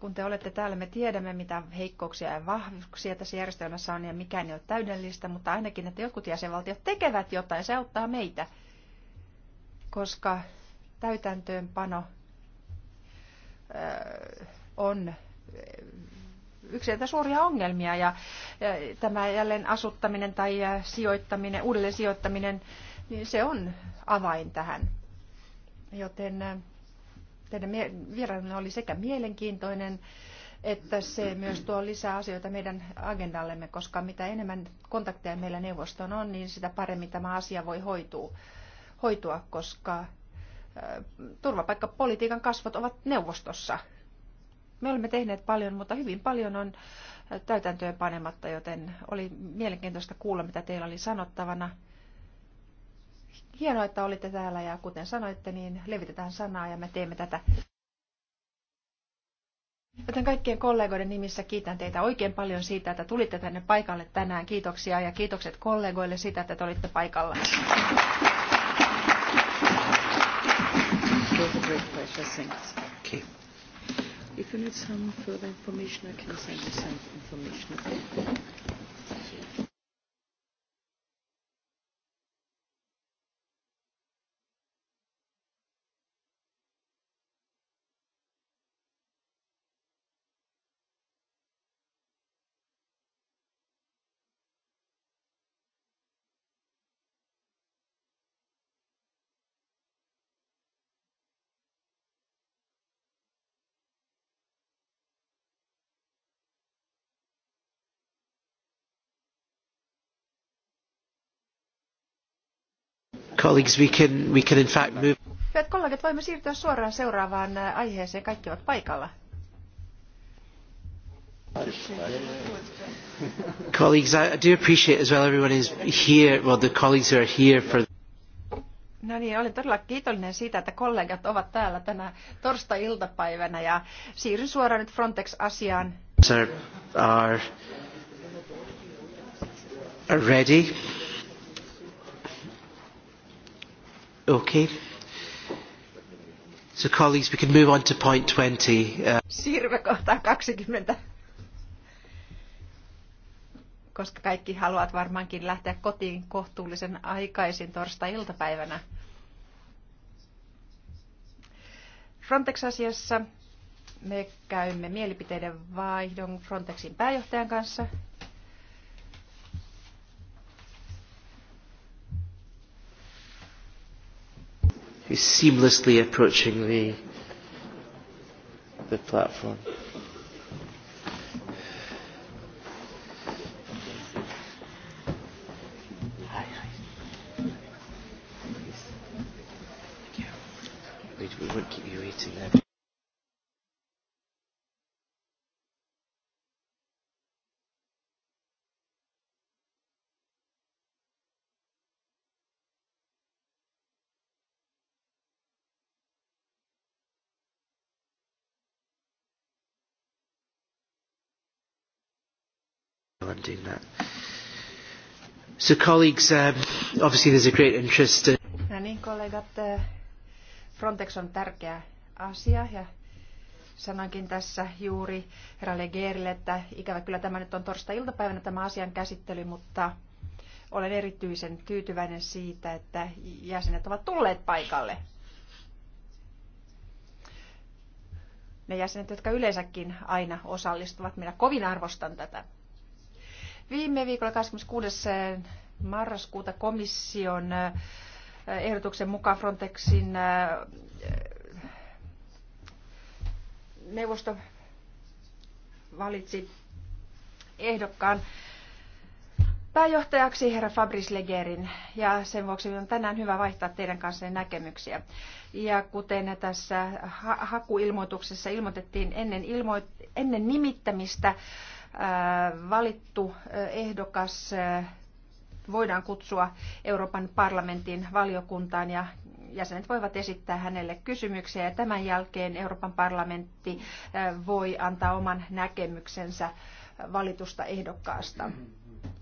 Kun te olette täällä, me tiedämme, mitä heikkouksia ja vahvuuksia tässä järjestelmässä on ja mikään ei ole täydellistä, mutta ainakin, että jotkut jäsenvaltiot tekevät jotain, se auttaa meitä, koska täytäntöönpano on yksi näitä suuria ongelmia ja, tämä jälleen asuttaminen tai sijoittaminen, uudelleen sijoittaminen, niin se on avain tähän. Joten äh, teidän vierailunne oli sekä mielenkiintoinen että se myös tuo lisää asioita meidän agendallemme, koska mitä enemmän kontakteja meillä neuvoston on, niin sitä paremmin tämä asia voi hoitua, hoitua koska äh, turvapaikkapolitiikan kasvot ovat neuvostossa. Me olemme tehneet paljon, mutta hyvin paljon on äh, täytäntöön panematta, joten oli mielenkiintoista kuulla, mitä teillä oli sanottavana. Hienoa, että olitte täällä ja kuten sanoitte, niin levitetään sanaa ja me teemme tätä. Joten kaikkien kollegoiden nimissä kiitän teitä oikein paljon siitä, että tulitte tänne paikalle tänään. Kiitoksia ja kiitokset kollegoille siitä, että te olitte paikalla. Okay. Okay? Hyvät kollegat, voimme siirtyä suoraan seuraavaan aiheeseen. Kaikki ovat paikalla. colleagues, I do appreciate as well everyone is here, well the colleagues are here for No niin, olen todella kiitollinen siitä, että kollegat ovat täällä tänä torstai-iltapäivänä ja siirryn suoraan nyt Frontex-asiaan. Are, are ready. Siirrymme kohtaan 20. Koska kaikki haluat varmaankin lähteä kotiin kohtuullisen aikaisin torstai-iltapäivänä. Frontex-asiassa me käymme mielipiteiden vaihdon Frontexin pääjohtajan kanssa, who's seamlessly approaching the, the platform. Hi hi. Thank you. We won't keep you waiting then. while doing that. So colleagues, um, obviously there's a great interest in... ja no niin, kollegat, eh, Frontex on tärkeä asia ja sanoinkin tässä juuri herra Legerille, että ikävä kyllä tämä nyt on torstai-iltapäivänä tämä asian käsittely, mutta olen erityisen tyytyväinen siitä, että jäsenet ovat tulleet paikalle. Ne jäsenet, jotka yleensäkin aina osallistuvat, minä kovin arvostan tätä. Viime viikolla 26. marraskuuta komission eh, ehdotuksen mukaan Frontexin eh, neuvosto valitsi ehdokkaan pääjohtajaksi herra Fabrice Legerin ja sen vuoksi on tänään hyvä vaihtaa teidän kanssanne näkemyksiä. Ja kuten tässä ha- hakuilmoituksessa ilmoitettiin ennen, ilmoit, ennen nimittämistä, valittu ehdokas voidaan kutsua Euroopan parlamentin valiokuntaan ja jäsenet voivat esittää hänelle kysymyksiä ja tämän jälkeen Euroopan parlamentti voi antaa oman näkemyksensä valitusta ehdokkaasta.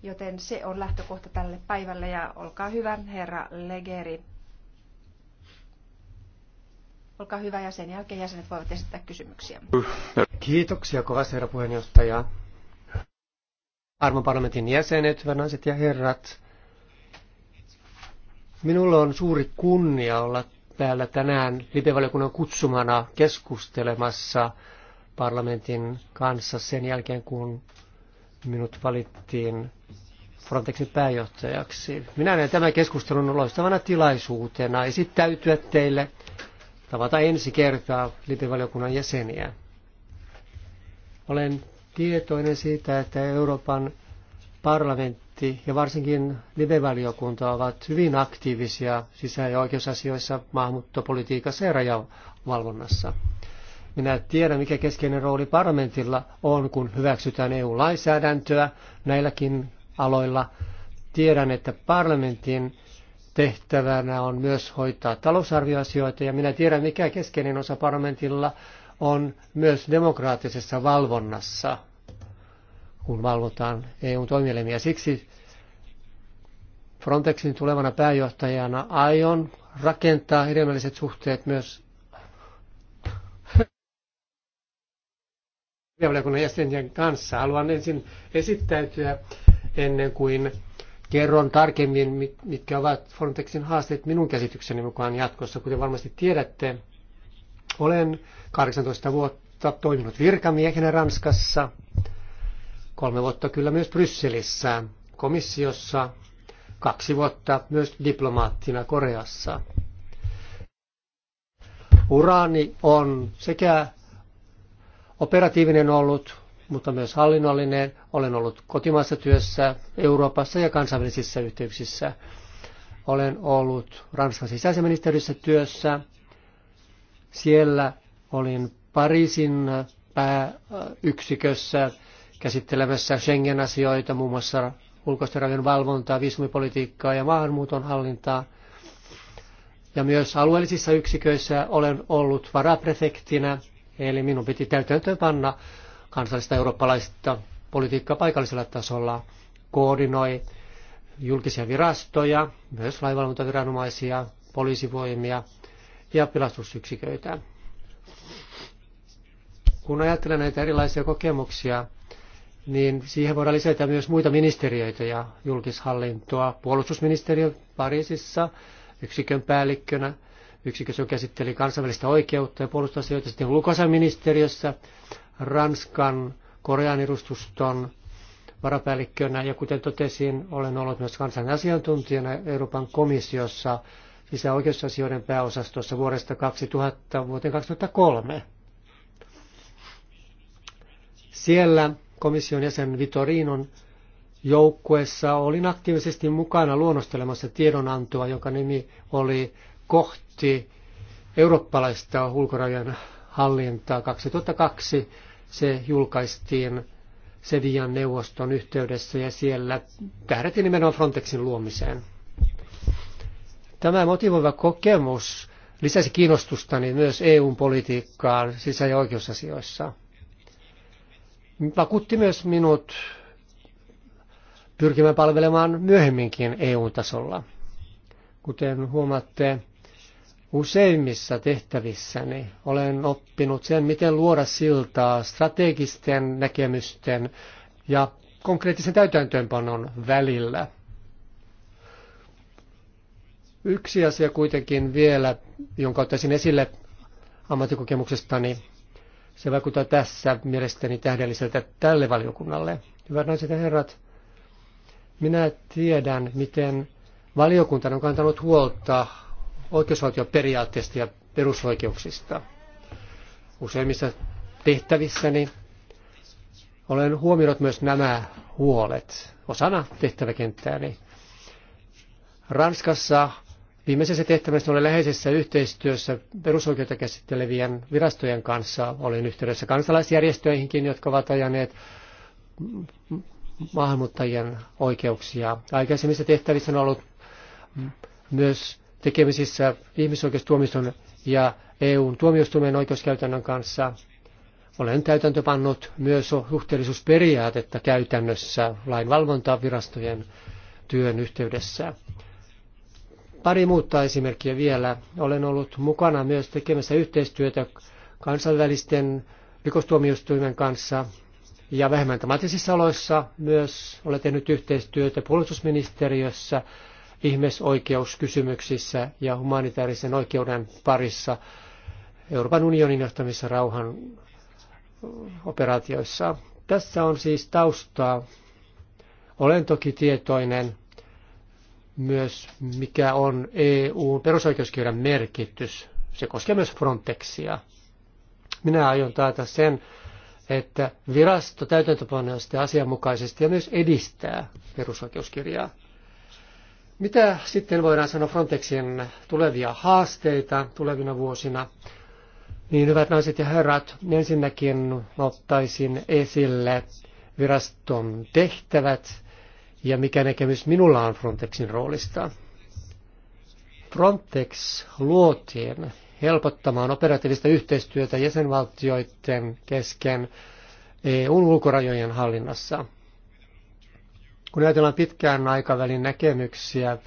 Joten se on lähtökohta tälle päivälle ja olkaa hyvä, herra Legeri. Olkaa hyvä ja sen jälkeen jäsenet voivat esittää kysymyksiä. Kiitoksia kovasti, herra puheenjohtaja. Arvon parlamentin jäsenet, hyvät naiset ja herrat. Minulla on suuri kunnia olla täällä tänään Libevaliokunnan kutsumana keskustelemassa parlamentin kanssa sen jälkeen, kun minut valittiin Frontexin pääjohtajaksi. Minä näen tämän keskustelun loistavana tilaisuutena esittäytyä teille tavata ensi kertaa Libevaliokunnan jäseniä. Olen tietoinen siitä, että Euroopan parlamentti ja varsinkin live-valiokunta ovat hyvin aktiivisia sisä- ja oikeusasioissa, maahanmuuttopolitiikassa ja rajavalvonnassa. Minä tiedän, mikä keskeinen rooli parlamentilla on, kun hyväksytään EU-lainsäädäntöä näilläkin aloilla. Tiedän, että parlamentin tehtävänä on myös hoitaa talousarvioasioita ja minä tiedän, mikä keskeinen osa parlamentilla on myös demokraattisessa valvonnassa, kun valvotaan eu toimielimiä. Siksi Frontexin tulevana pääjohtajana aion rakentaa hedelmälliset suhteet myös valiokunnan jäsenien kanssa. Haluan ensin esittäytyä ennen kuin kerron tarkemmin, mitkä ovat Frontexin haasteet minun käsitykseni mukaan jatkossa. Kuten varmasti tiedätte, olen 18 vuotta toiminut virkamiehenä Ranskassa, kolme vuotta kyllä myös Brysselissä, komissiossa, kaksi vuotta myös diplomaattina Koreassa. Uraani on sekä operatiivinen ollut, mutta myös hallinnollinen. Olen ollut kotimaassa työssä, Euroopassa ja kansainvälisissä yhteyksissä. Olen ollut Ranskan sisäisen työssä, siellä olin Pariisin pääyksikössä käsittelemässä Schengen-asioita, muun muassa ulkoisten valvontaa, viisumipolitiikkaa ja maahanmuuton hallintaa. Ja myös alueellisissa yksiköissä olen ollut varaprefektinä, eli minun piti täytäntöön panna kansallista eurooppalaista politiikkaa paikallisella tasolla, koordinoi julkisia virastoja, myös laivalvontaviranomaisia, poliisivoimia ja pelastusyksiköitä. Kun ajattelen näitä erilaisia kokemuksia, niin siihen voidaan lisätä myös muita ministeriöitä ja julkishallintoa. Puolustusministeriö Pariisissa yksikön päällikkönä, yksikössä on käsitteli kansainvälistä oikeutta ja puolustusasioita, sitten ulkoasiaministeriössä Ranskan Korean edustuston varapäällikkönä ja kuten totesin, olen ollut myös kansan asiantuntijana Euroopan komissiossa sisäoikeusasioiden pääosastossa vuodesta 2000 vuoteen 2003. Siellä komission jäsen Vitorinon joukkuessa olin aktiivisesti mukana luonnostelemassa tiedonantoa, jonka nimi oli kohti eurooppalaista ulkorajan hallintaa 2002. Se julkaistiin Sevian neuvoston yhteydessä ja siellä tähdettiin nimenomaan Frontexin luomiseen. Tämä motivoiva kokemus lisäsi kiinnostustani myös EU-politiikkaan sisä- ja oikeusasioissa. Vakuutti myös minut pyrkimään palvelemaan myöhemminkin EU-tasolla. Kuten huomaatte, useimmissa tehtävissäni olen oppinut sen, miten luoda siltaa strategisten näkemysten ja konkreettisen täytäntöönpanon välillä – Yksi asia kuitenkin vielä, jonka ottaisin esille ammattikokemuksestani, se vaikuttaa tässä mielestäni tähdelliseltä tälle valiokunnalle. Hyvät naiset ja herrat, minä tiedän, miten valiokunta on kantanut huolta oikeusvaltioperiaatteista ja perusoikeuksista. Useimmissa tehtävissäni olen huomioinut myös nämä huolet osana tehtäväkenttääni. Ranskassa Viimeisessä tehtävässä olen läheisessä yhteistyössä perusoikeutta käsittelevien virastojen kanssa. Olin yhteydessä kansalaisjärjestöihinkin, jotka ovat ajaneet maahanmuuttajien oikeuksia. Aikaisemmissa tehtävissä on ollut myös tekemisissä ihmisoikeustuomiston ja EUn tuomioistuimen oikeuskäytännön kanssa. Olen täytäntöpannut myös suhteellisuusperiaatetta käytännössä lainvalvontavirastojen työn yhteydessä. Pari muuta esimerkkiä vielä. Olen ollut mukana myös tekemässä yhteistyötä kansainvälisten rikostuomioistuimen kanssa ja vähemmän dramaattisissa oloissa myös olen tehnyt yhteistyötä puolustusministeriössä ihmisoikeuskysymyksissä ja humanitaarisen oikeuden parissa Euroopan unionin johtamissa rauhan operaatioissa. Tässä on siis taustaa. Olen toki tietoinen myös, mikä on EUn perusoikeuskirjan merkitys. Se koskee myös Frontexia. Minä aion taata sen, että virasto täytäntöpanee sitä asianmukaisesti ja myös edistää perusoikeuskirjaa. Mitä sitten voidaan sanoa Frontexin tulevia haasteita tulevina vuosina? Niin hyvät naiset ja herrat, ensinnäkin ottaisin esille viraston tehtävät ja mikä näkemys minulla on Frontexin roolista. Frontex luotiin helpottamaan operatiivista yhteistyötä jäsenvaltioiden kesken EUn ulkorajojen hallinnassa. Kun ajatellaan pitkään aikavälin näkemyksiä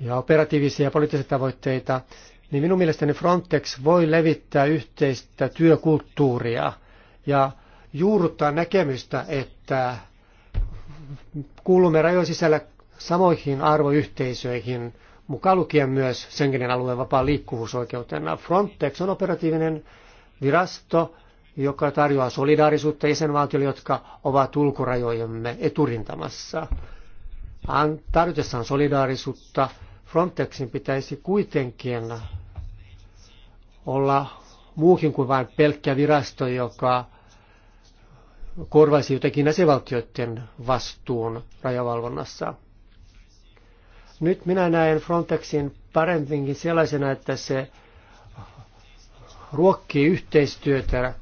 ja operatiivisia poliittisia tavoitteita, niin minun mielestäni Frontex voi levittää yhteistä työkulttuuria ja juurruttaa näkemystä, että kuulumme rajojen sisällä samoihin arvoyhteisöihin, mukaan lukien myös Schengenin alueen vapaan liikkuvuusoikeuteen. Frontex on operatiivinen virasto, joka tarjoaa solidaarisuutta jäsenvaltioille, jotka ovat ulkorajojemme eturintamassa. Tarjotessaan solidaarisuutta Frontexin pitäisi kuitenkin olla muukin kuin vain pelkkä virasto, joka korvaisi jotenkin jäsenvaltioiden vastuun rajavalvonnassa. Nyt minä näen Frontexin paremminkin sellaisena, että se ruokkii yhteistyötä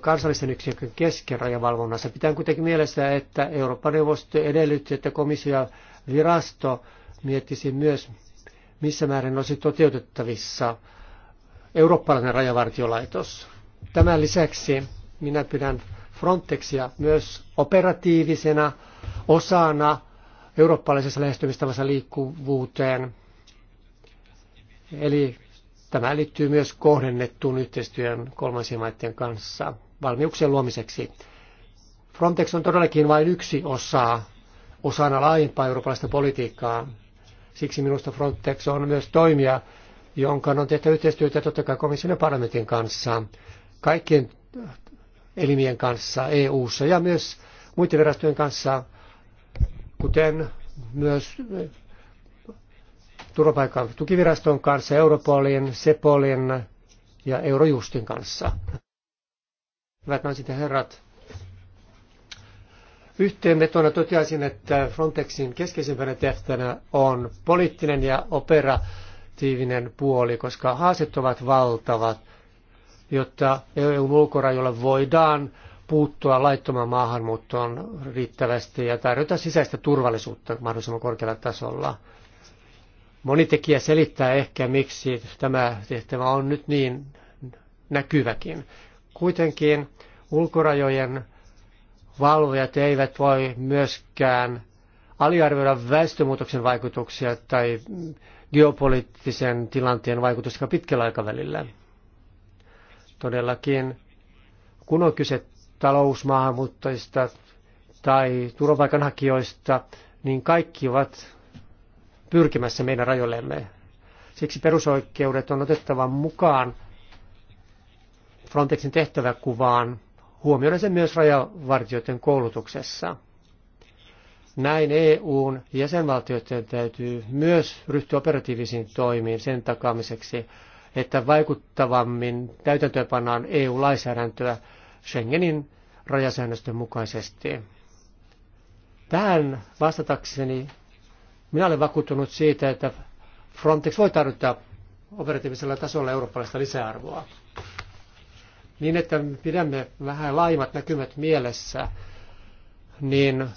kansallisen yksikön kesken rajavalvonnassa. Pitää kuitenkin mielessä, että Euroopan neuvosto edellytti, että komissio ja virasto miettisi myös, missä määrin olisi toteutettavissa eurooppalainen rajavartiolaitos. Tämän lisäksi minä pidän Frontexia myös operatiivisena osana eurooppalaisessa lähestymistavassa liikkuvuuteen. Eli tämä liittyy myös kohdennettuun yhteistyön kolmansien maiden kanssa valmiuksien luomiseksi. Frontex on todellakin vain yksi osa osana laajempaa eurooppalaista politiikkaa. Siksi minusta Frontex on myös toimija, jonka on tehtävä yhteistyötä totta kai komission ja parlamentin kanssa. Kaikkien elimien kanssa EU:ssa ja myös muiden virastojen kanssa, kuten myös eh, turvapaikan tukiviraston kanssa, Europolin, Sepolin ja Eurojustin kanssa. Hyvät naiset ja herrat, yhteenvetona toteaisin, että Frontexin keskeisimpänä tehtävänä on poliittinen ja operatiivinen puoli, koska haaset ovat valtavat jotta EUn ulkorajoilla voidaan puuttua laittomaan maahanmuuttoon riittävästi ja tarjota sisäistä turvallisuutta mahdollisimman korkealla tasolla. Moni tekijä selittää ehkä, miksi tämä tehtävä on nyt niin näkyväkin. Kuitenkin ulkorajojen valvojat eivät voi myöskään aliarvioida väestömuutoksen vaikutuksia tai geopoliittisen tilanteen vaikutusta pitkällä aikavälillä. Todellakin, kun on kyse talousmaahanmuuttajista tai turvapaikanhakijoista, niin kaikki ovat pyrkimässä meidän rajoillemme. Siksi perusoikeudet on otettava mukaan Frontexin tehtäväkuvaan, huomioiden se myös rajavartijoiden koulutuksessa. Näin EUn jäsenvaltioiden täytyy myös ryhtyä operatiivisiin toimiin sen takaamiseksi, että vaikuttavammin täytäntöönpannaan EU-lainsäädäntöä Schengenin rajasäännösten mukaisesti. Tähän vastatakseni minä olen vakuuttunut siitä, että Frontex voi tarjota operatiivisella tasolla eurooppalaista lisäarvoa. Niin, että pidämme vähän laimat näkymät mielessä, niin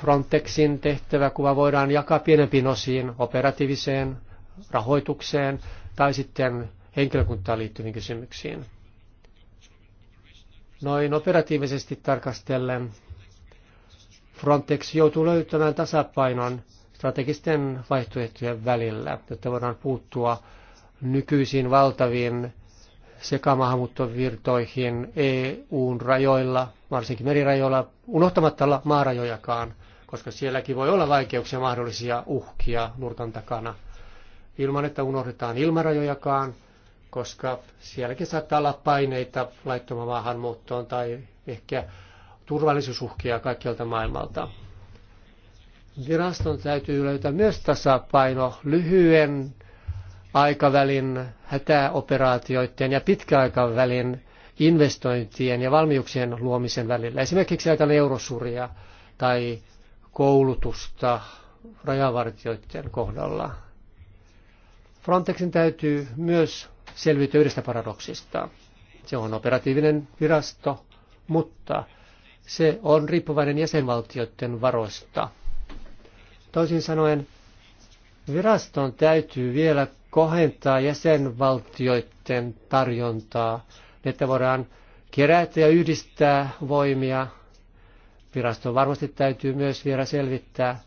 Frontexin tehtäväkuva voidaan jakaa pienempiin osiin, operatiiviseen, rahoitukseen, tai sitten henkilökuntaan liittyviin kysymyksiin. Noin operatiivisesti tarkastellen Frontex joutuu löytämään tasapainon strategisten vaihtoehtojen välillä, jotta voidaan puuttua nykyisiin valtaviin sekamaahanmuuttovirtoihin EUn rajoilla, varsinkin merirajoilla, unohtamatta maarajojakaan, koska sielläkin voi olla vaikeuksia mahdollisia uhkia nurkan takana – ilman, että unohdetaan ilmarajojakaan, koska sielläkin saattaa olla paineita laittoman maahanmuuttoon tai ehkä turvallisuusuhkia kaikkialta maailmalta. Viraston täytyy löytää myös tasapaino lyhyen aikavälin hätäoperaatioiden ja pitkäaikavälin investointien ja valmiuksien luomisen välillä. Esimerkiksi ajatellaan eurosuria tai koulutusta rajavartioiden kohdalla. Frontexin täytyy myös selviytyä yhdestä paradoksista. Se on operatiivinen virasto, mutta se on riippuvainen jäsenvaltioiden varoista. Toisin sanoen, viraston täytyy vielä kohentaa jäsenvaltioiden tarjontaa, niin että voidaan kerätä ja yhdistää voimia. Viraston varmasti täytyy myös vielä selvittää,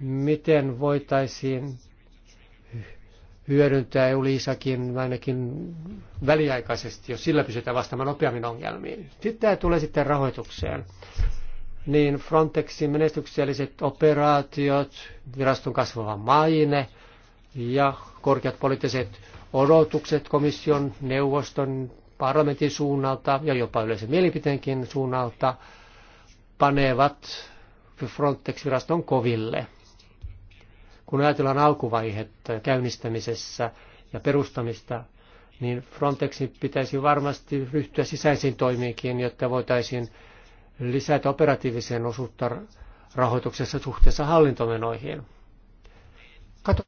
miten voitaisiin hyödyntää EU-liisakin ainakin väliaikaisesti, jos sillä pysytään vastaamaan nopeammin ongelmiin. Sitten tämä tulee sitten rahoitukseen. Niin Frontexin menestykselliset operaatiot, viraston kasvava maine ja korkeat poliittiset odotukset komission, neuvoston, parlamentin suunnalta ja jopa yleisen mielipiteenkin suunnalta panevat Frontex-viraston koville – kun ajatellaan alkuvaihetta käynnistämisessä ja perustamista, niin Frontexin pitäisi varmasti ryhtyä sisäisiin toimiinkin, jotta voitaisiin lisätä operatiiviseen osuutta rahoituksessa suhteessa hallintomenoihin. Kato.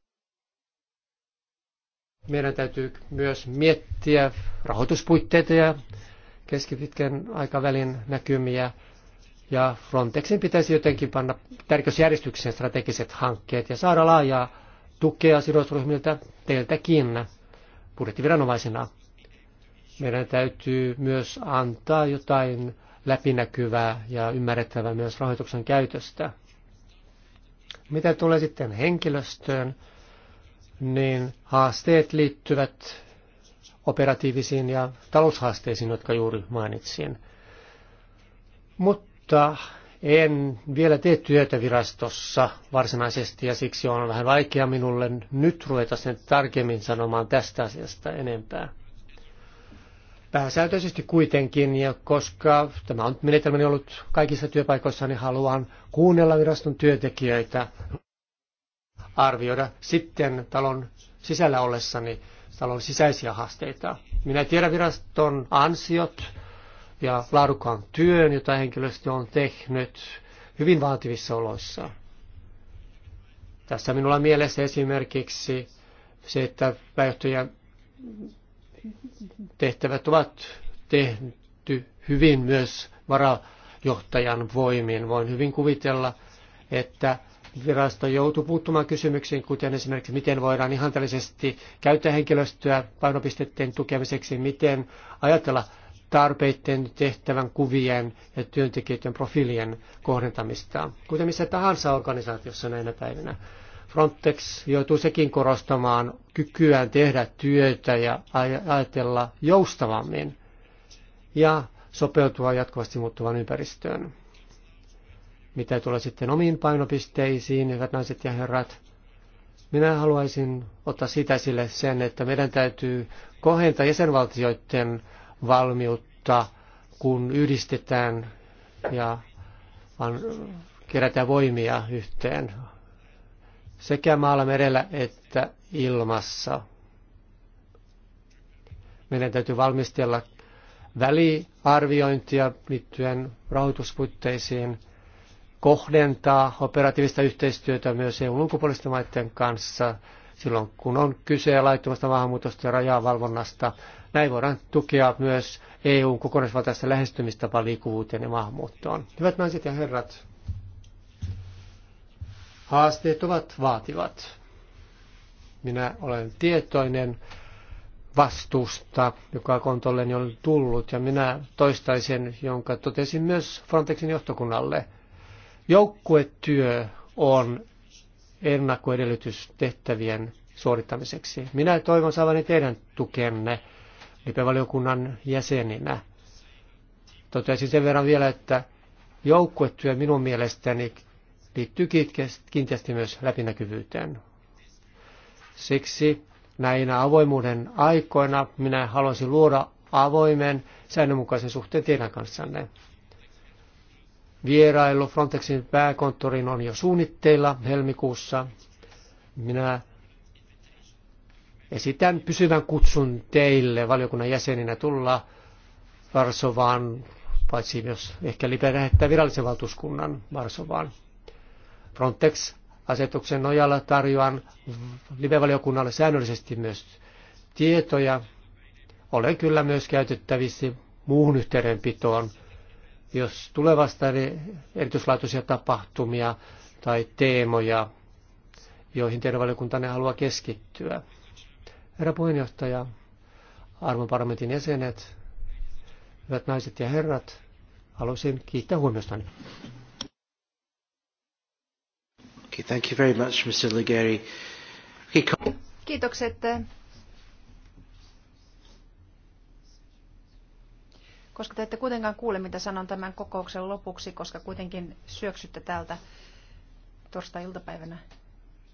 Meidän täytyy myös miettiä rahoituspuitteita ja keskipitkän aikavälin näkymiä ja Frontexin pitäisi jotenkin panna tärkeysjärjestykseen strategiset hankkeet ja saada laajaa tukea sidosryhmiltä teiltäkin budjettiviranomaisena. Meidän täytyy myös antaa jotain läpinäkyvää ja ymmärrettävää myös rahoituksen käytöstä. Mitä tulee sitten henkilöstöön, niin haasteet liittyvät operatiivisiin ja taloushaasteisiin, jotka juuri mainitsin. Mutta mutta en vielä tee työtä virastossa varsinaisesti ja siksi on vähän vaikea minulle nyt ruveta sen tarkemmin sanomaan tästä asiasta enempää. Pääsääntöisesti kuitenkin, ja koska tämä on menetelmäni ollut kaikissa työpaikoissa, niin haluan kuunnella viraston työntekijöitä, arvioida sitten talon sisällä ollessani talon sisäisiä haasteita. Minä tiedän viraston ansiot, ja laadukkaan työn, jota henkilöstö on tehnyt hyvin vaativissa oloissa. Tässä minulla on mielessä esimerkiksi se, että päihtöjä tehtävät ovat tehty hyvin myös varajohtajan voimin. Voin hyvin kuvitella, että virasto joutuu puuttumaan kysymyksiin, kuten esimerkiksi miten voidaan ihanteellisesti käyttää henkilöstöä painopisteiden tukemiseksi, miten ajatella tarpeiden, tehtävän, kuvien ja työntekijöiden profiilien kohdentamista, kuten missä tahansa organisaatiossa näinä päivinä. Frontex joutuu sekin korostamaan kykyään tehdä työtä ja ajatella joustavammin ja sopeutua jatkuvasti muuttuvaan ympäristöön. Mitä tulee sitten omiin painopisteisiin, hyvät naiset ja herrat, minä haluaisin ottaa sitä sille sen, että meidän täytyy kohentaa jäsenvaltioiden valmiutta, kun yhdistetään ja vaan kerätään voimia yhteen sekä maalla, merellä että ilmassa. Meidän täytyy valmistella väliarviointia liittyen rahoituspuitteisiin, kohdentaa operatiivista yhteistyötä myös EUn ulkopuolisten maiden kanssa – silloin, kun on kyse laittomasta maahanmuutosta ja rajavalvonnasta. Näin voidaan tukea myös EUn kokonaisvaltaista lähestymistapaa liikkuvuuteen ja maahanmuuttoon. Hyvät naiset ja herrat, haasteet ovat vaativat. Minä olen tietoinen vastuusta, joka kontolleni on tullut, ja minä toistaisen, jonka totesin myös Frontexin johtokunnalle. Joukkuetyö on ennakkoedellytys tehtävien suorittamiseksi. Minä toivon saavani teidän tukenne lipevaliokunnan jäseninä. Toteaisin sen verran vielä, että joukkuetyö minun mielestäni liittyy kiinteästi myös läpinäkyvyyteen. Siksi näinä avoimuuden aikoina minä haluaisin luoda avoimen säännönmukaisen suhteen teidän kanssanne vierailu Frontexin pääkonttoriin on jo suunnitteilla helmikuussa. Minä esitän pysyvän kutsun teille valiokunnan jäseninä tulla Varsovaan, paitsi myös ehkä Libe lähettää virallisen valtuuskunnan Varsovaan. Frontex-asetuksen nojalla tarjoan Libe-valiokunnalle säännöllisesti myös tietoja. Olen kyllä myös käytettävissä muuhun yhteydenpitoon – jos tulee vastaan niin erityislaatuisia tapahtumia tai teemoja, joihin teidän valiokuntanne haluaa keskittyä. Herra puheenjohtaja, arvon parlamentin jäsenet, hyvät naiset ja herrat, haluaisin kiittää huomiostanne. Okay, thank you very much, Mr. Okay, Kiitokset koska te ette kuitenkaan kuule, mitä sanon tämän kokouksen lopuksi, koska kuitenkin syöksytte täältä torstai-iltapäivänä.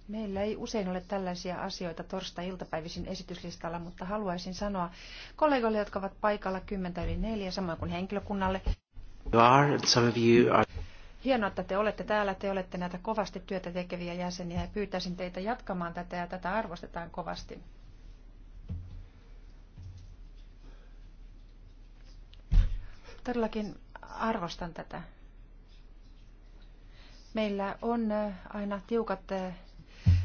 Meillä ei usein ole tällaisia asioita torstai-iltapäivisin esityslistalla, mutta haluaisin sanoa kollegoille, jotka ovat paikalla 10 yli 4, samoin kuin henkilökunnalle. You are, some of you are... Hienoa, että te olette täällä, te olette näitä kovasti työtä tekeviä jäseniä ja pyytäisin teitä jatkamaan tätä ja tätä arvostetaan kovasti. Todellakin arvostan tätä. Meillä on aina tiukat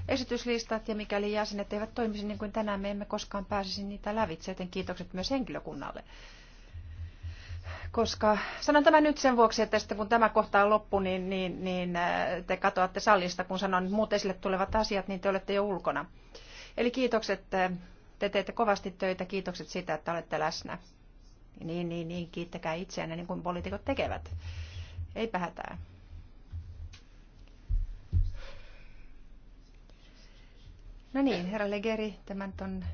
esityslistat ja mikäli jäsenet eivät toimisi niin kuin tänään, me emme koskaan pääsisi niitä lävitse, joten kiitokset myös henkilökunnalle. Koska sanon tämän nyt sen vuoksi, että sitten kun tämä kohta on loppu, niin, niin, niin te katoatte salista, kun sanon että muut esille tulevat asiat, niin te olette jo ulkona. Eli kiitokset, te teette kovasti töitä, kiitokset siitä, että olette läsnä. Niin, niin, niin, kiittäkää itseänne niin kuin poliitikot tekevät. Eipä hätää. No niin, herra Legeri, tämän on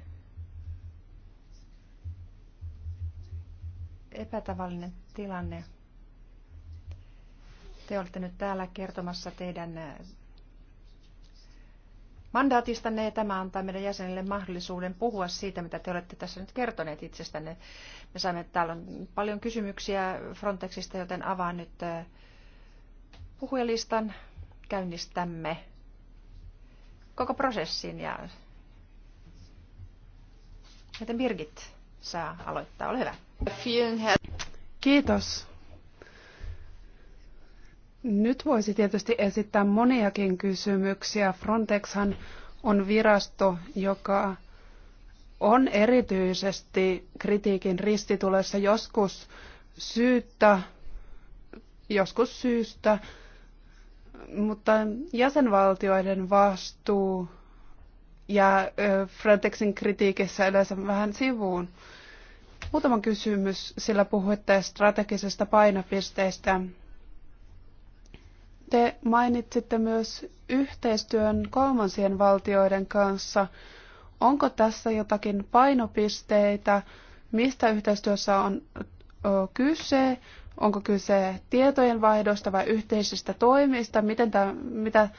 epätavallinen tilanne. Te olette nyt täällä kertomassa teidän mandaatistanne ja tämä antaa meidän jäsenille mahdollisuuden puhua siitä, mitä te olette tässä nyt kertoneet itsestänne. Me saamme täällä on paljon kysymyksiä Frontexista, joten avaan nyt puhujalistan. Käynnistämme koko prosessin ja joten Birgit saa aloittaa. Ole hyvä. Kiitos nyt voisi tietysti esittää moniakin kysymyksiä. Frontexhan on virasto, joka on erityisesti kritiikin ristitulessa joskus syyttä, joskus syystä, mutta jäsenvaltioiden vastuu ja Frontexin kritiikissä yleensä vähän sivuun. Muutama kysymys, sillä puhuitte strategisesta painopisteestä. Te mainitsitte myös yhteistyön kolmansien valtioiden kanssa. Onko tässä jotakin painopisteitä? Mistä yhteistyössä on kyse? Onko kyse vaihdosta vai yhteisistä toimista? Miten tämä, mitä,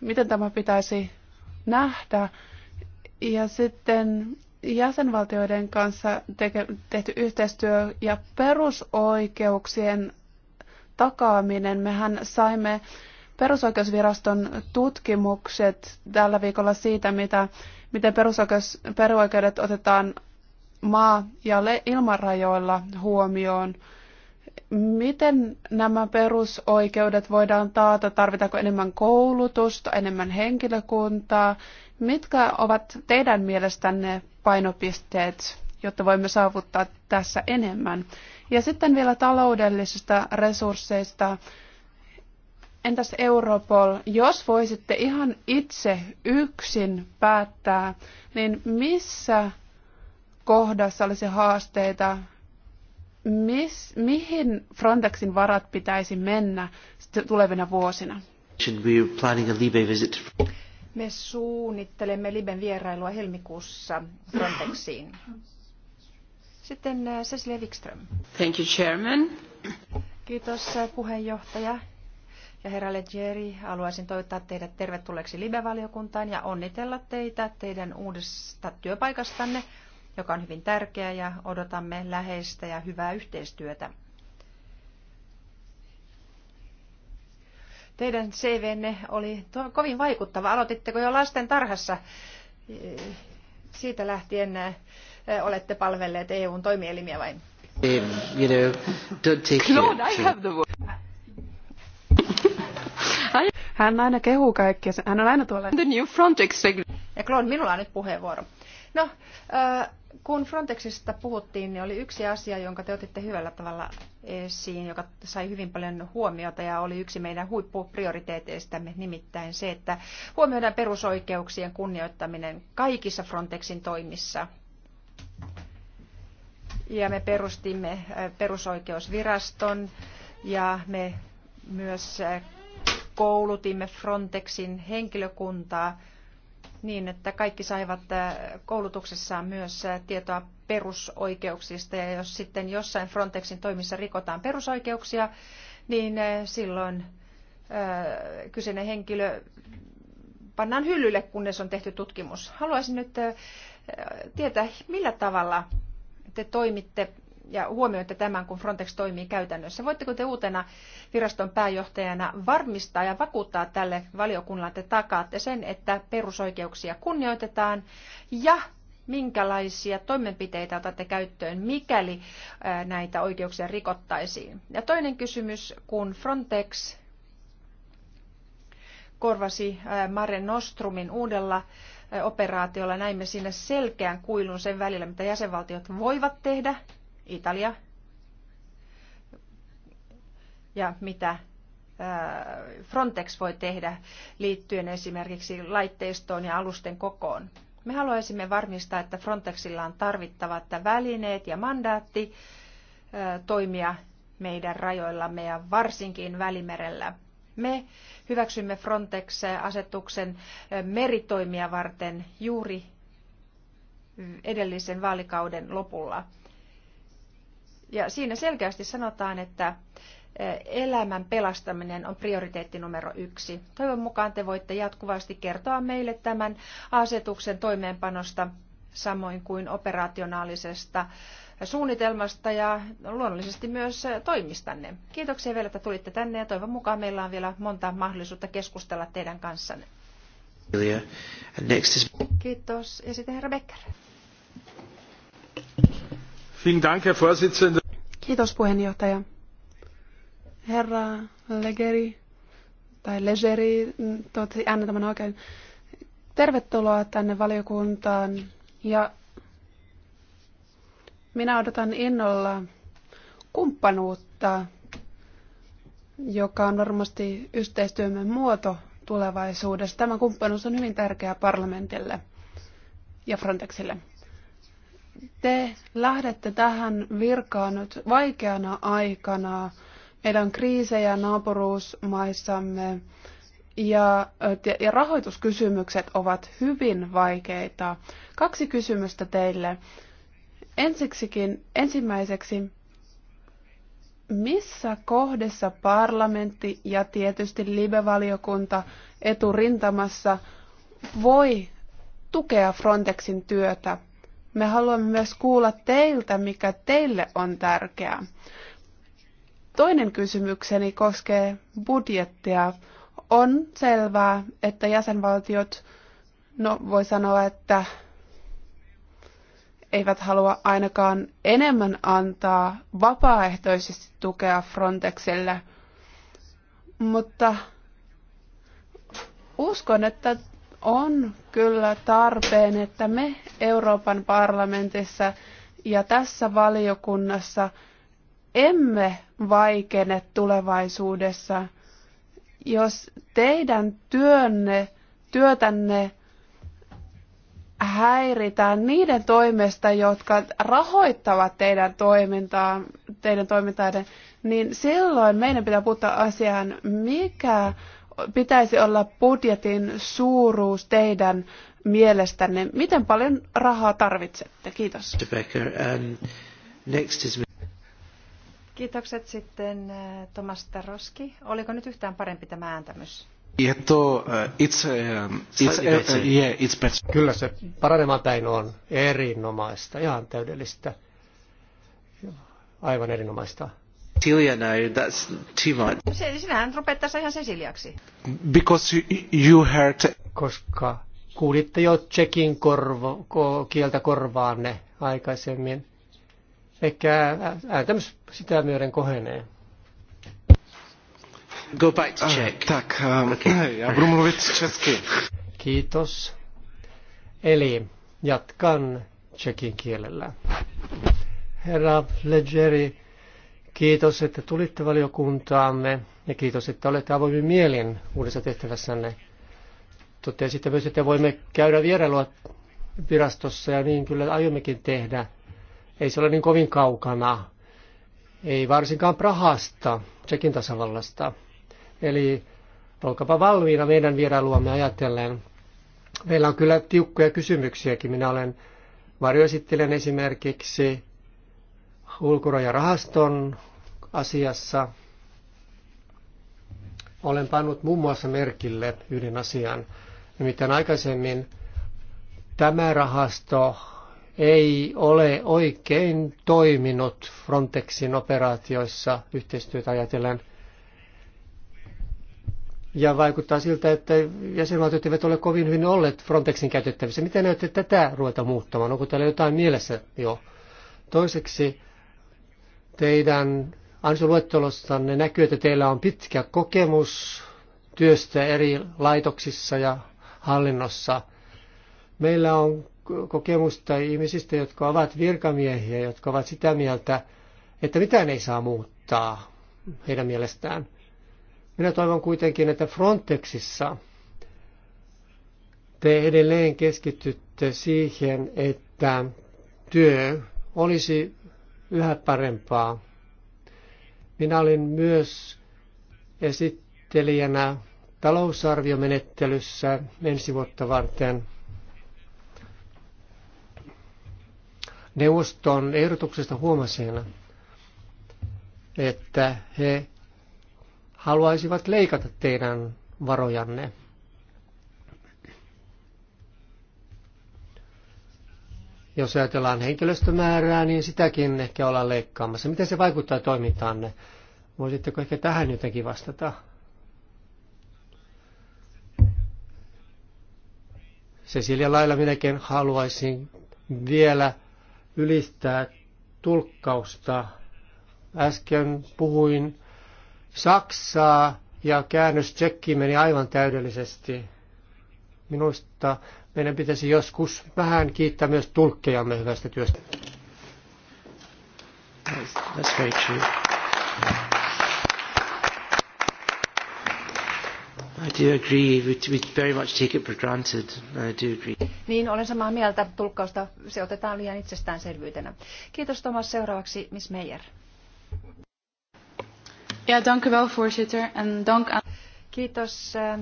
miten tämä pitäisi nähdä? Ja sitten jäsenvaltioiden kanssa tehty yhteistyö ja perusoikeuksien takaaminen. Mehän saimme perusoikeusviraston tutkimukset tällä viikolla siitä, mitä, miten perusoikeudet otetaan maa- ja ilmarajoilla huomioon. Miten nämä perusoikeudet voidaan taata? Tarvitaanko enemmän koulutusta, enemmän henkilökuntaa? Mitkä ovat teidän mielestänne painopisteet, jotta voimme saavuttaa tässä enemmän? Ja sitten vielä taloudellisista resursseista. Entäs Europol, jos voisitte ihan itse yksin päättää, niin missä kohdassa olisi haasteita, mis, mihin Frontexin varat pitäisi mennä tulevina vuosina? Me suunnittelemme Liben vierailua helmikuussa Frontexiin. Sitten äh, Cecilia Wikström. Thank you, Chairman. Kiitos äh, puheenjohtaja. Ja herra Leggeri, haluaisin toivottaa teidät tervetulleeksi Libe-valiokuntaan ja onnitella teitä teidän uudesta työpaikastanne, joka on hyvin tärkeä ja odotamme läheistä ja hyvää yhteistyötä. Teidän CVnne oli kovin vaikuttava. Aloititteko jo lasten tarhassa? Siitä lähtien äh, olette palvelleet EUn toimielimiä vain? Um, you know, don't take Claude, I have the word. Hän aina kehuu kaikkia. Hän on aina tuolla. The new Frontex. Ja Claude, minulla on nyt puheenvuoro. No, äh, kun Frontexista puhuttiin, niin oli yksi asia, jonka te otitte hyvällä tavalla esiin, joka sai hyvin paljon huomiota ja oli yksi meidän huippuprioriteeteistämme, nimittäin se, että huomioidaan perusoikeuksien kunnioittaminen kaikissa Frontexin toimissa, ja me perustimme äh, perusoikeusviraston ja me myös äh, koulutimme Frontexin henkilökuntaa niin, että kaikki saivat äh, koulutuksessaan myös tietoa perusoikeuksista. Ja jos sitten jossain Frontexin toimissa rikotaan perusoikeuksia, niin silloin kyseinen henkilö pannaan hyllylle, kunnes on tehty tutkimus. Haluaisin nyt tietää, millä tavalla te toimitte ja huomioitte tämän, kun Frontex toimii käytännössä. Voitteko te uutena viraston pääjohtajana varmistaa ja vakuuttaa tälle valiokunnalle, että takaatte sen, että perusoikeuksia kunnioitetaan ja minkälaisia toimenpiteitä otatte käyttöön, mikäli näitä oikeuksia rikottaisiin. Ja toinen kysymys, kun Frontex korvasi Mare Nostrumin uudella operaatiolla näimme siinä selkeän kuilun sen välillä, mitä jäsenvaltiot voivat tehdä, Italia, ja mitä äh, Frontex voi tehdä liittyen esimerkiksi laitteistoon ja alusten kokoon. Me haluaisimme varmistaa, että Frontexilla on tarvittavat välineet ja mandaatti äh, toimia meidän rajoillamme ja varsinkin Välimerellä – me hyväksymme Frontex-asetuksen eh, meritoimia varten juuri eh, edellisen vaalikauden lopulla. Ja siinä selkeästi sanotaan, että eh, elämän pelastaminen on prioriteetti numero yksi. Toivon mukaan te voitte jatkuvasti kertoa meille tämän asetuksen toimeenpanosta samoin kuin operationaalisesta suunnitelmasta ja luonnollisesti myös toimistanne. Kiitoksia vielä, että tulitte tänne ja toivon mukaan meillä on vielä monta mahdollisuutta keskustella teidän kanssanne. Kiitos. Ja sitten herra Becker. Kiitos puheenjohtaja. Herra Legeri, tai Legeri, toivottavasti äänen tämän oikein. Tervetuloa tänne valiokuntaan ja minä odotan innolla kumppanuutta, joka on varmasti yhteistyömme muoto tulevaisuudessa. Tämä kumppanuus on hyvin tärkeä parlamentille ja Frontexille. Te lähdette tähän virkaan nyt vaikeana aikana. meidän kriisejä naapuruusmaissamme ja, ja rahoituskysymykset ovat hyvin vaikeita. Kaksi kysymystä teille. Ensiksikin, ensimmäiseksi, missä kohdessa parlamentti ja tietysti live-valiokunta eturintamassa voi tukea Frontexin työtä? Me haluamme myös kuulla teiltä, mikä teille on tärkeää. Toinen kysymykseni koskee budjettia on selvää, että jäsenvaltiot, no voi sanoa, että eivät halua ainakaan enemmän antaa vapaaehtoisesti tukea Frontexille, mutta uskon, että on kyllä tarpeen, että me Euroopan parlamentissa ja tässä valiokunnassa emme vaikene tulevaisuudessa – jos teidän työnne, työtänne häiritään niiden toimesta, jotka rahoittavat teidän toimintaa, teidän toimintaiden, niin silloin meidän pitää puuttua asiaan, mikä pitäisi olla budjetin suuruus teidän mielestänne? Miten paljon rahaa tarvitsette? Kiitos. Um, next is... Kiitokset sitten äh, Tomas Taroski. Oliko nyt yhtään parempi tämä ääntämys? Äh, äh, Kyllä se paranemaan päin on erinomaista, ihan täydellistä. Aivan erinomaista. Cecilia now, that's too much. Sinähän rupeat tässä ihan Ceciliaksi. Because you heard... Koska kuulitte jo Tsekin korvo, ko, kieltä korvaanne aikaisemmin. Ehkä ääntämys sitä myöden kohenee. Go back to ah, Czech. Tak, um, ja budu mluvit česky. Kiitos. Eli jatkan tsekin kielellä. Herra Legeri, kiitos, että tulitte valiokuntaamme ja kiitos, että olette avoimin mielin uudessa tehtävässänne. Totesitte myös, että voimme käydä vierailua virastossa ja niin kyllä aiommekin tehdä – ei se ole niin kovin kaukana. Ei varsinkaan Prahasta, Tsekin tasavallasta. Eli olkapa valmiina meidän vierailuamme ajatellen. Meillä on kyllä tiukkoja kysymyksiäkin. Minä olen varjoesittelen esimerkiksi ulkorajarahaston asiassa. Olen pannut muun muassa merkille yhden asian. Nimittäin aikaisemmin tämä rahasto ei ole oikein toiminut Frontexin operaatioissa yhteistyötä ajatellen. Ja vaikuttaa siltä, että jäsenvaltiot eivät ole kovin hyvin olleet Frontexin käytettävissä. Miten näette tätä ruveta muuttamaan? Onko täällä jotain mielessä jo? Toiseksi teidän ansioluettelostanne näkyy, että teillä on pitkä kokemus työstä eri laitoksissa ja hallinnossa. Meillä on kokemusta ihmisistä, jotka ovat virkamiehiä, jotka ovat sitä mieltä, että mitään ei saa muuttaa heidän mielestään. Minä toivon kuitenkin, että Frontexissa te edelleen keskitytte siihen, että työ olisi yhä parempaa. Minä olin myös esittelijänä talousarviomenettelyssä ensi vuotta varten – neuvoston ehdotuksesta huomasin, että he haluaisivat leikata teidän varojanne. Jos ajatellaan henkilöstömäärää, niin sitäkin ehkä ollaan leikkaamassa. Miten se vaikuttaa toimintaanne? Voisitteko ehkä tähän jotenkin vastata? Se sillä lailla minäkin haluaisin vielä ylistää tulkkausta. Äsken puhuin Saksaa ja käännös tsekki meni aivan täydellisesti. Minusta meidän pitäisi joskus vähän kiittää myös tulkkejamme hyvästä työstä. That's very true. I do agree. We, we very much take it for granted. I do agree. Niin, olen samaa mieltä. Tulkkausta se otetaan liian itsestäänselvyytenä. Kiitos Thomas. Seuraavaksi Miss Meijer. Ja, dank u wel, voorzitter. En dank aan... Kiitos eh,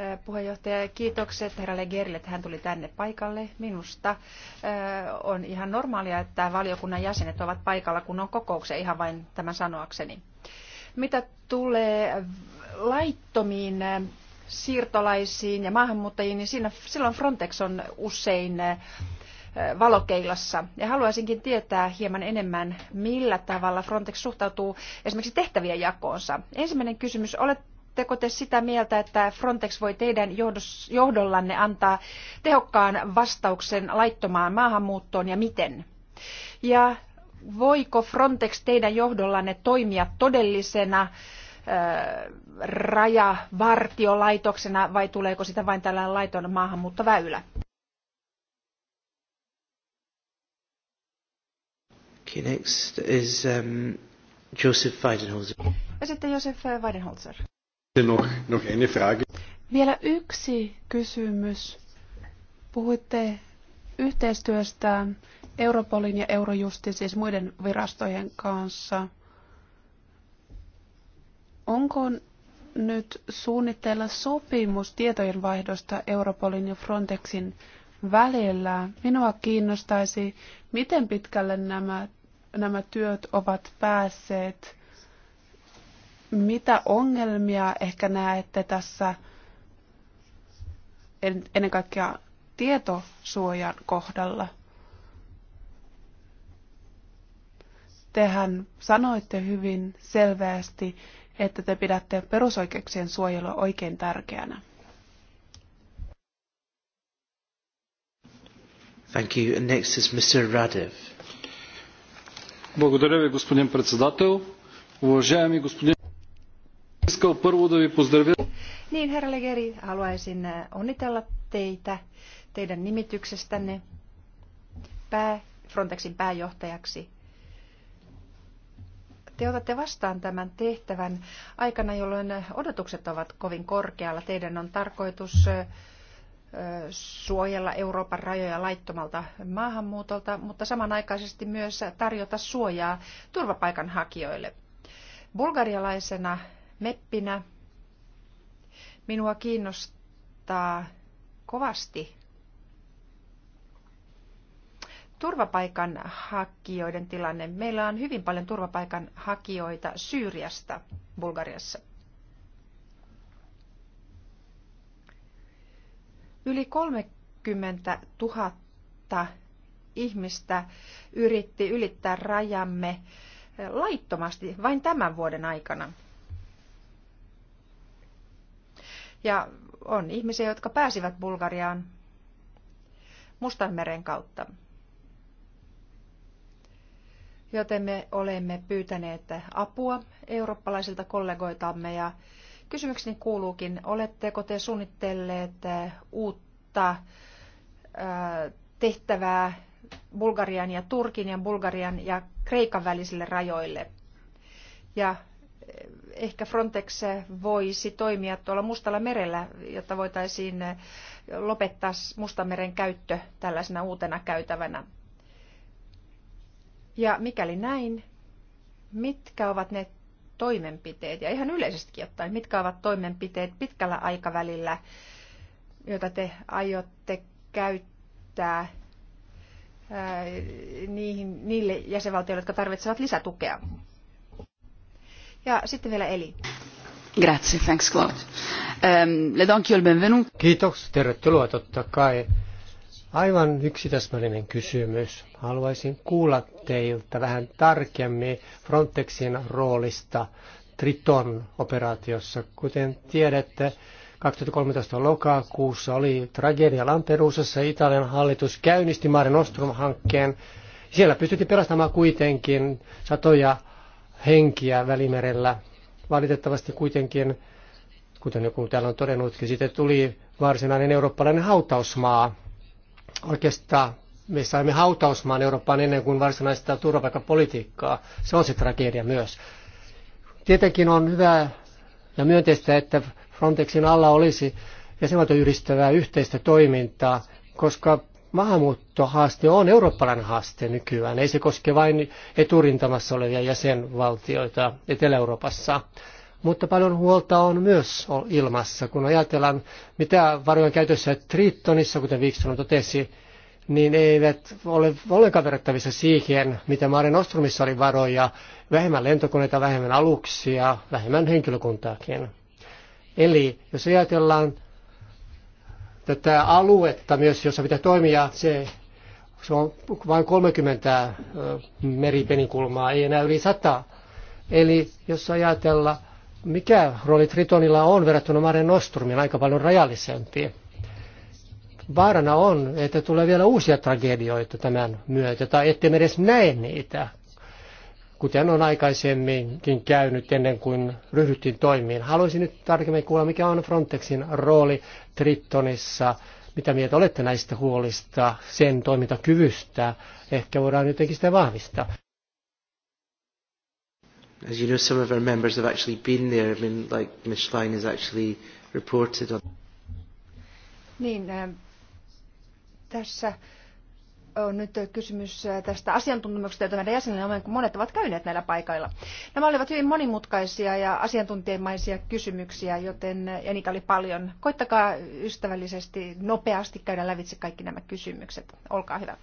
eh, puheenjohtaja. Kiitokset herralle Gerille, että hän tuli tänne paikalle. Minusta eh, on ihan normaalia, että valiokunnan jäsenet ovat paikalla, kun on kokouksia, ihan vain tämän sanoakseni. Mitä tulee laittomiin eh, siirtolaisiin ja maahanmuuttajiin, niin siinä, silloin Frontex on usein eh, valokeilassa. Ja haluaisinkin tietää hieman enemmän, millä tavalla Frontex suhtautuu esimerkiksi tehtävien jakoonsa. Ensimmäinen kysymys, oletteko te sitä mieltä, että Frontex voi teidän johdollanne antaa tehokkaan vastauksen laittomaan maahanmuuttoon ja miten? Ja voiko Frontex teidän johdollanne toimia todellisena rajavartiolaitoksena vai tuleeko sitä vain tällainen laiton maahanmuuttoväylä? Okay, next is um, Joseph Weidenholzer. Ja sitten Joseph Weidenholzer. No noch Frage. Vielä yksi kysymys. Puhuitte yhteistyöstä Europolin ja Eurojustin, siis muiden virastojen kanssa. Onko nyt suunnitteilla sopimus tietojenvaihdosta Europolin ja Frontexin välillä? Minua kiinnostaisi, miten pitkälle nämä, nämä työt ovat päässeet. Mitä ongelmia ehkä näette tässä ennen kaikkea tietosuojan kohdalla? tehän sanoitte hyvin selvästi, että te pidätte perusoikeuksien suojelua oikein tärkeänä. Thank you. And next is Mr. Radev. Благодаря ви, господин председател. Уважаеми господин, искал първо да ви поздравя. Niin, herra Legeri, haluaisin äh, onnitella teitä teidän nimityksestänne pää, Frontexin pääjohtajaksi te otatte vastaan tämän tehtävän aikana, jolloin odotukset ovat kovin korkealla. Teidän on tarkoitus suojella Euroopan rajoja laittomalta maahanmuutolta, mutta samanaikaisesti myös tarjota suojaa turvapaikanhakijoille. Bulgarialaisena meppinä minua kiinnostaa kovasti turvapaikan hakijoiden tilanne. Meillä on hyvin paljon turvapaikan hakijoita Syyriasta Bulgariassa. Yli 30 000 ihmistä yritti ylittää rajamme eh, laittomasti vain tämän vuoden aikana. Ja on ihmisiä, jotka pääsivät Bulgariaan Mustanmeren kautta joten me olemme pyytäneet apua eurooppalaisilta kollegoitamme ja kysymykseni kuuluukin, oletteko te suunnitelleet uutta tehtävää Bulgarian ja Turkin ja Bulgarian ja Kreikan välisille rajoille? Ja ehkä Frontex voisi toimia tuolla Mustalla merellä, jotta voitaisiin lopettaa Mustameren käyttö tällaisena uutena käytävänä. Ja mikäli näin, mitkä ovat ne toimenpiteet, ja ihan yleisestikin ottaen, mitkä ovat toimenpiteet pitkällä aikavälillä, joita te aiotte käyttää ää, niihin, niille jäsenvaltioille, jotka tarvitsevat lisätukea? Ja sitten vielä Eli. Grazie, thanks Claude. Um, le do il benvenuto. Kiitos, tervetuloa totta kai. Aivan yksi täsmällinen kysymys. Haluaisin kuulla teiltä vähän tarkemmin Frontexin roolista Triton-operaatiossa. Kuten tiedätte, 2013 lokakuussa oli tragedia Lampedusassa. Italian hallitus käynnisti Mare Nostrum-hankkeen. Siellä pystyttiin pelastamaan kuitenkin satoja henkiä välimerellä. Valitettavasti kuitenkin, kuten joku täällä on todennutkin, siitä tuli varsinainen eurooppalainen hautausmaa Oikeastaan me saimme hautausmaan Eurooppaan ennen kuin varsinaista turvapaikkapolitiikkaa. Se on se tragedia myös. Tietenkin on hyvä ja myönteistä, että Frontexin alla olisi jäsenvaltio yhdistävää yhteistä toimintaa, koska maahanmuuttohaaste on eurooppalainen haaste nykyään. Ei se koske vain eturintamassa olevia jäsenvaltioita Etelä-Euroopassa mutta paljon huolta on myös ilmassa. Kun ajatellaan, mitä varoja käytössä Tritonissa, kuten Wikström totesi, niin eivät ole ollenkaan verrattavissa siihen, mitä Maaren Ostromissa oli varoja, vähemmän lentokoneita, vähemmän aluksia, vähemmän henkilökuntaakin. Eli jos ajatellaan tätä aluetta myös, jossa pitää toimia, se, se on vain 30 meripenikulmaa, ei enää yli 100. Eli jos ajatella mikä rooli Tritonilla on verrattuna Mare Nostrumiin aika paljon rajallisempi. Vaarana on, että tulee vielä uusia tragedioita tämän myötä, tai ette edes näe niitä, kuten on aikaisemminkin käynyt ennen kuin ryhdyttiin toimiin. Haluaisin nyt tarkemmin kuulla, mikä on Frontexin rooli Tritonissa, mitä mieltä olette näistä huolista, sen toimintakyvystä, ehkä voidaan jotenkin sitä vahvistaa as you know, some of our members have actually been there. I mean, like Ms. Schlein has actually reported on. Niin, eh, tässä on nyt kysymys eh, tästä asiantuntemuksesta, jota meidän jäsenille kun monet ovat käyneet näillä paikoilla. Nämä olivat hyvin monimutkaisia ja asiantuntijamaisia kysymyksiä, joten eh, ja niitä oli paljon. Koittakaa ystävällisesti nopeasti käydä lävitse kaikki nämä kysymykset. Olkaa hyvä.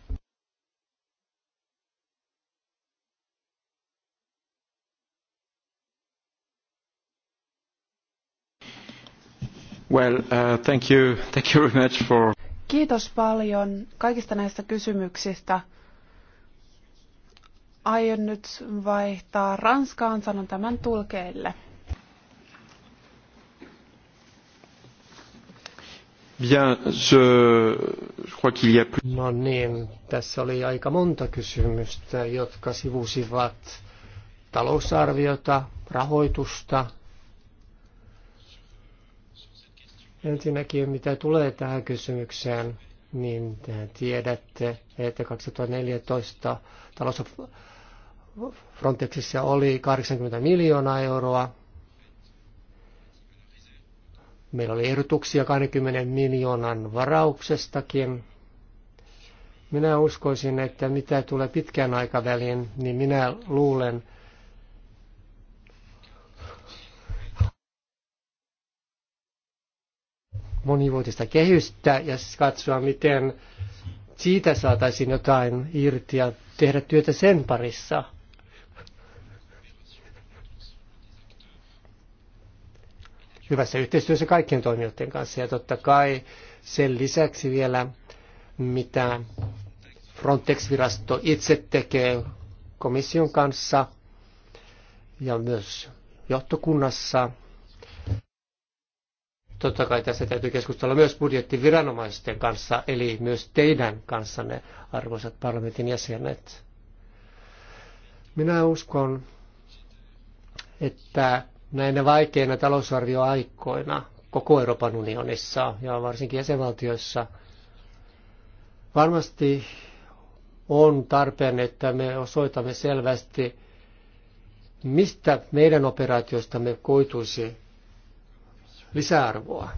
Well, uh, thank you. Thank you very much for... Kiitos paljon kaikista näistä kysymyksistä. Aion nyt vaihtaa Ranskaan, sanon tämän tulkeille. Bien, je, je crois qu'il y a plus... No niin, tässä oli aika monta kysymystä, jotka sivusivat talousarviota, rahoitusta, Ensinnäkin, mitä tulee tähän kysymykseen, niin tiedätte, että 2014 talossa Frontexissa oli 80 miljoonaa euroa. Meillä oli ehdotuksia 20 miljoonan varauksestakin. Minä uskoisin, että mitä tulee pitkään aikaväliin, niin minä luulen, monivuotista kehystä ja siis katsoa, miten siitä saataisiin jotain irti ja tehdä työtä sen parissa. Hyvässä yhteistyössä kaikkien toimijoiden kanssa ja totta kai sen lisäksi vielä, mitä Frontex-virasto itse tekee komission kanssa ja myös johtokunnassa – Totta kai tässä täytyy keskustella myös budjettiviranomaisten kanssa, eli myös teidän kanssanne, arvoisat parlamentin jäsenet. Minä uskon, että näinä vaikeina talousarvioaikoina koko Euroopan unionissa ja varsinkin jäsenvaltioissa varmasti on tarpeen, että me osoitamme selvästi, mistä meidän operaatiostamme koituisi lisäarvoa.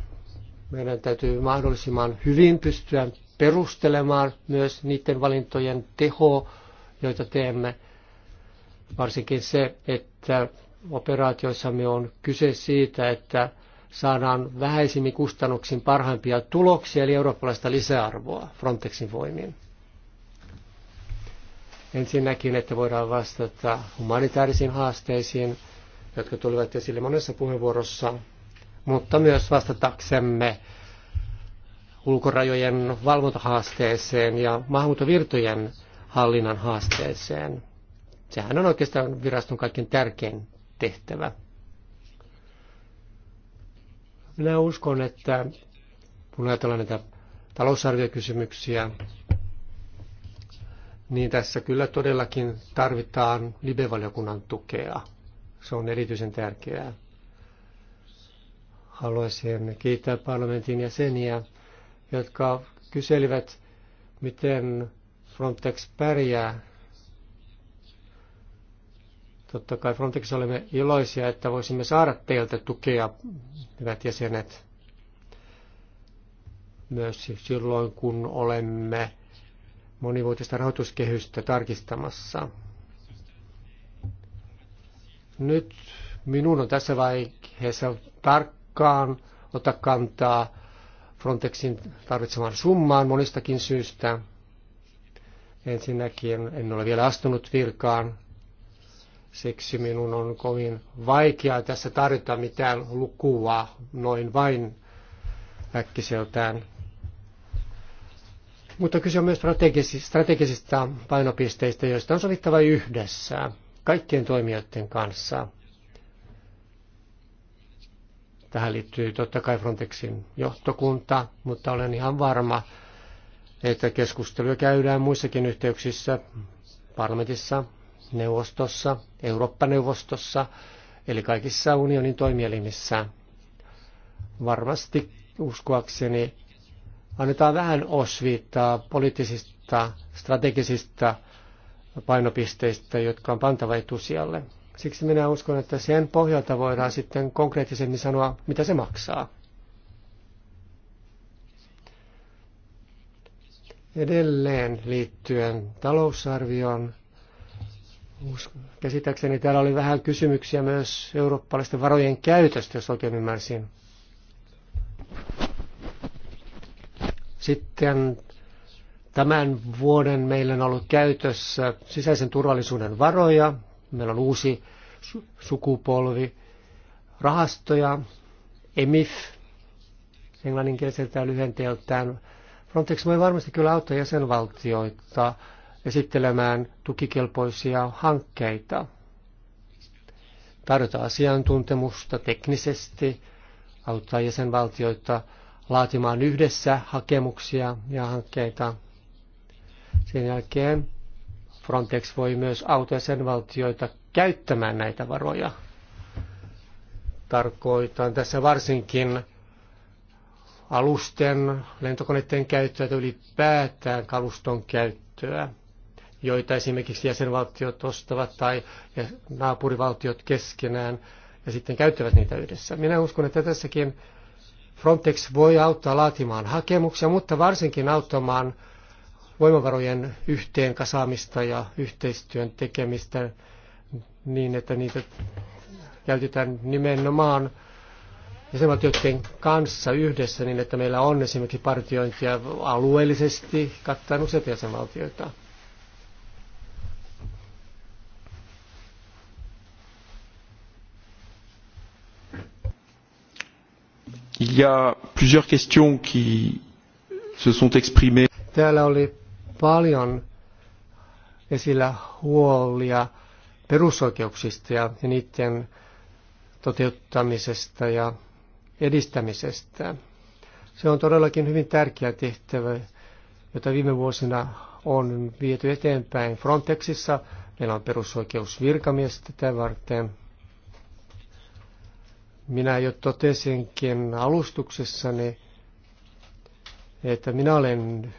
Meidän täytyy mahdollisimman hyvin pystyä perustelemaan myös niiden valintojen teho, joita teemme. Varsinkin se, että operaatioissamme on kyse siitä, että saadaan vähäisimmin kustannuksin parhaimpia tuloksia, eli eurooppalaista lisäarvoa Frontexin voimin. Ensinnäkin, että voidaan vastata humanitaarisiin haasteisiin, jotka tulivat esille monessa puheenvuorossa, mutta myös vastataksemme ulkorajojen valvontahaasteeseen ja maahanmuuttovirtojen hallinnan haasteeseen. Sehän on oikeastaan viraston kaikkein tärkein tehtävä. Minä uskon, että kun ajatellaan näitä talousarviokysymyksiä, niin tässä kyllä todellakin tarvitaan libevaliokunnan tukea. Se on erityisen tärkeää. Haluaisin kiittää parlamentin jäseniä, jotka kyselivät, miten Frontex pärjää. Totta kai Frontex olemme iloisia, että voisimme saada teiltä tukea, hyvät jäsenet, myös silloin, kun olemme monivuotista rahoituskehystä tarkistamassa. Nyt minun on tässä vaiheessa tarkkaan tarkkaan ota kantaa Frontexin tarvitsemaan summaan monistakin syystä. Ensinnäkin en ole vielä astunut virkaan, siksi minun on kovin vaikeaa tässä tarjota mitään lukua noin vain äkkiseltään. Mutta kyse on myös strategisista painopisteistä, joista on sovittava yhdessä kaikkien toimijoiden kanssa – Tähän liittyy totta kai Frontexin johtokunta, mutta olen ihan varma, että keskusteluja käydään muissakin yhteyksissä, parlamentissa, neuvostossa, Eurooppa-neuvostossa, eli kaikissa unionin toimielimissä. Varmasti uskoakseni annetaan vähän osviittaa poliittisista, strategisista painopisteistä, jotka on pantava etusijalle. Siksi minä uskon, että sen pohjalta voidaan sitten konkreettisemmin sanoa, mitä se maksaa. Edelleen liittyen talousarvioon, käsittääkseni täällä oli vähän kysymyksiä myös eurooppalaisten varojen käytöstä, jos oikein ymmärsin. Sitten tämän vuoden meillä on ollut käytössä sisäisen turvallisuuden varoja, meillä on uusi sukupolvi rahastoja, EMIF, englanninkieliseltään lyhenteeltään. Frontex voi varmasti kyllä auttaa jäsenvaltioita esittelemään tukikelpoisia hankkeita, tarjota asiantuntemusta teknisesti, auttaa jäsenvaltioita laatimaan yhdessä hakemuksia ja hankkeita. Sen jälkeen Frontex voi myös auttaa sen valtioita käyttämään näitä varoja. Tarkoitan tässä varsinkin alusten, lentokoneiden käyttöä tai ylipäätään kaluston käyttöä, joita esimerkiksi jäsenvaltiot ostavat tai naapurivaltiot keskenään ja sitten käyttävät niitä yhdessä. Minä uskon, että tässäkin Frontex voi auttaa laatimaan hakemuksia, mutta varsinkin auttamaan voimavarojen yhteen kasaamista ja yhteistyön tekemistä niin, että niitä käytetään nimenomaan jäsenvaltioiden kanssa yhdessä niin, että meillä on esimerkiksi partiointia alueellisesti kattaen useita jäsenvaltioita. Il y a plusieurs questions qui se sont exprimées. Täällä oli paljon esillä huolia perusoikeuksista ja niiden toteuttamisesta ja edistämisestä. Se on todellakin hyvin tärkeä tehtävä, jota viime vuosina on viety eteenpäin Frontexissa. Meillä on perusoikeusvirkamies tätä varten. Minä jo totesinkin alustuksessani, että minä olen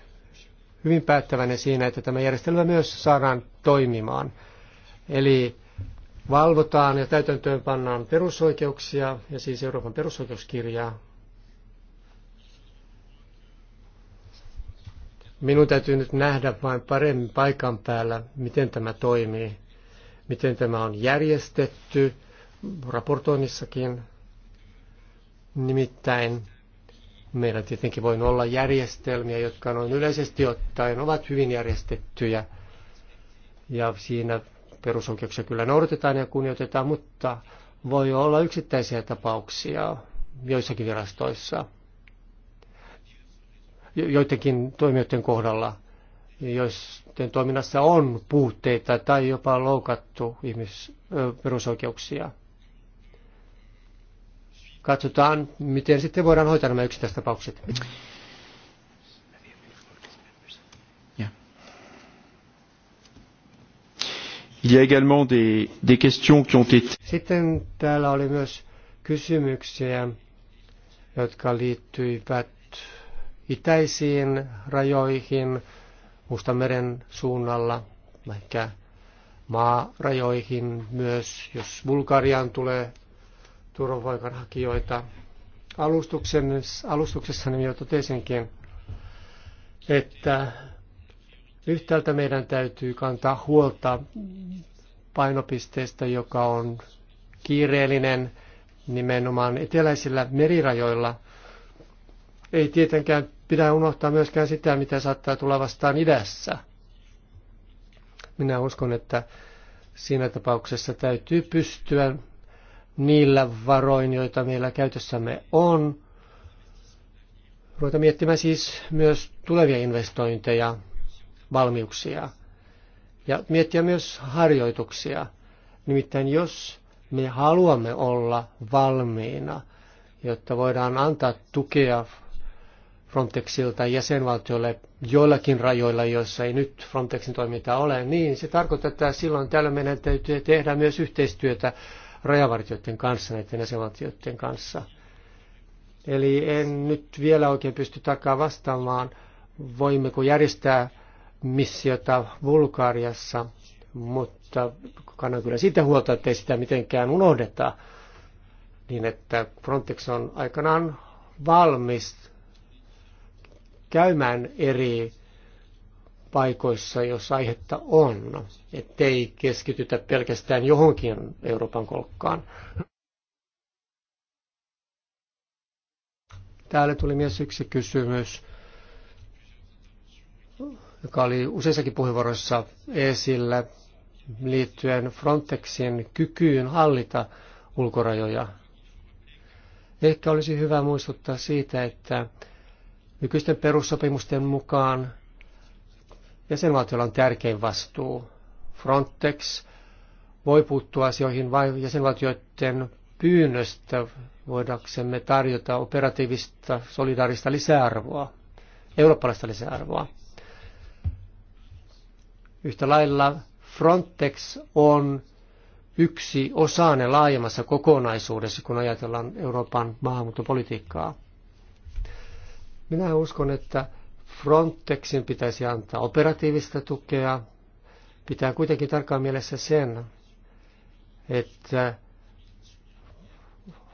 hyvin päättäväinen siinä, että tämä järjestelmä myös saadaan toimimaan. Eli valvotaan ja täytäntöön pannaan perusoikeuksia ja siis Euroopan perusoikeuskirjaa. Minun täytyy nyt nähdä vain paremmin paikan päällä, miten tämä toimii, miten tämä on järjestetty raportoinnissakin. Nimittäin Meillä tietenkin voi olla järjestelmiä, jotka noin yleisesti ottaen ovat hyvin järjestettyjä. Ja siinä perusoikeuksia kyllä noudatetaan ja kunnioitetaan, mutta voi olla yksittäisiä tapauksia joissakin virastoissa, joidenkin toimijoiden kohdalla, joiden toiminnassa on puutteita tai jopa loukattu ihmis- perusoikeuksia katsotaan, miten sitten voidaan hoitaa nämä yksittäistapaukset. Il y a également des, des questions qui ont été... Sitten täällä oli myös kysymyksiä, jotka liittyivät itäisiin rajoihin Mustanmeren suunnalla, ehkä maarajoihin myös, jos Bulgariaan tulee turvapaikanhakijoita. Alustuksessa jo totesinkin, että yhtäältä meidän täytyy kantaa huolta painopisteestä, joka on kiireellinen nimenomaan eteläisillä merirajoilla. Ei tietenkään pidä unohtaa myöskään sitä, mitä saattaa tulla vastaan idässä. Minä uskon, että siinä tapauksessa täytyy pystyä niillä varoin, joita meillä käytössämme on. Ruveta miettimään siis myös tulevia investointeja, valmiuksia ja miettiä myös harjoituksia. Nimittäin jos me haluamme olla valmiina, jotta voidaan antaa tukea Frontexilta jäsenvaltioille joillakin rajoilla, joissa ei nyt Frontexin toimintaa ole, niin se tarkoittaa, että silloin tällöin meidän täytyy tehdä myös yhteistyötä rajavartijoiden kanssa, näiden jäsenvaltioiden kanssa. Eli en nyt vielä oikein pysty takaa vastaamaan, voimmeko järjestää missiota Bulgariassa, mutta kannan kyllä siitä huolta, ettei sitä mitenkään unohdeta, niin että Frontex on aikanaan valmis käymään eri paikoissa, jos aihetta on, ettei keskitytä pelkästään johonkin Euroopan kolkkaan. Täällä tuli myös yksi kysymys, joka oli useissakin puheenvuoroissa esillä liittyen Frontexin kykyyn hallita ulkorajoja. Ehkä olisi hyvä muistuttaa siitä, että nykyisten perussopimusten mukaan jäsenvaltiolla on tärkein vastuu. Frontex voi puuttua asioihin vain jäsenvaltioiden pyynnöstä voidaksemme tarjota operatiivista, solidaarista lisäarvoa, eurooppalaista lisäarvoa. Yhtä lailla Frontex on yksi osaane laajemmassa kokonaisuudessa, kun ajatellaan Euroopan maahanmuuttopolitiikkaa. Minä uskon, että Frontexin pitäisi antaa operatiivista tukea. Pitää kuitenkin tarkkaan mielessä sen, että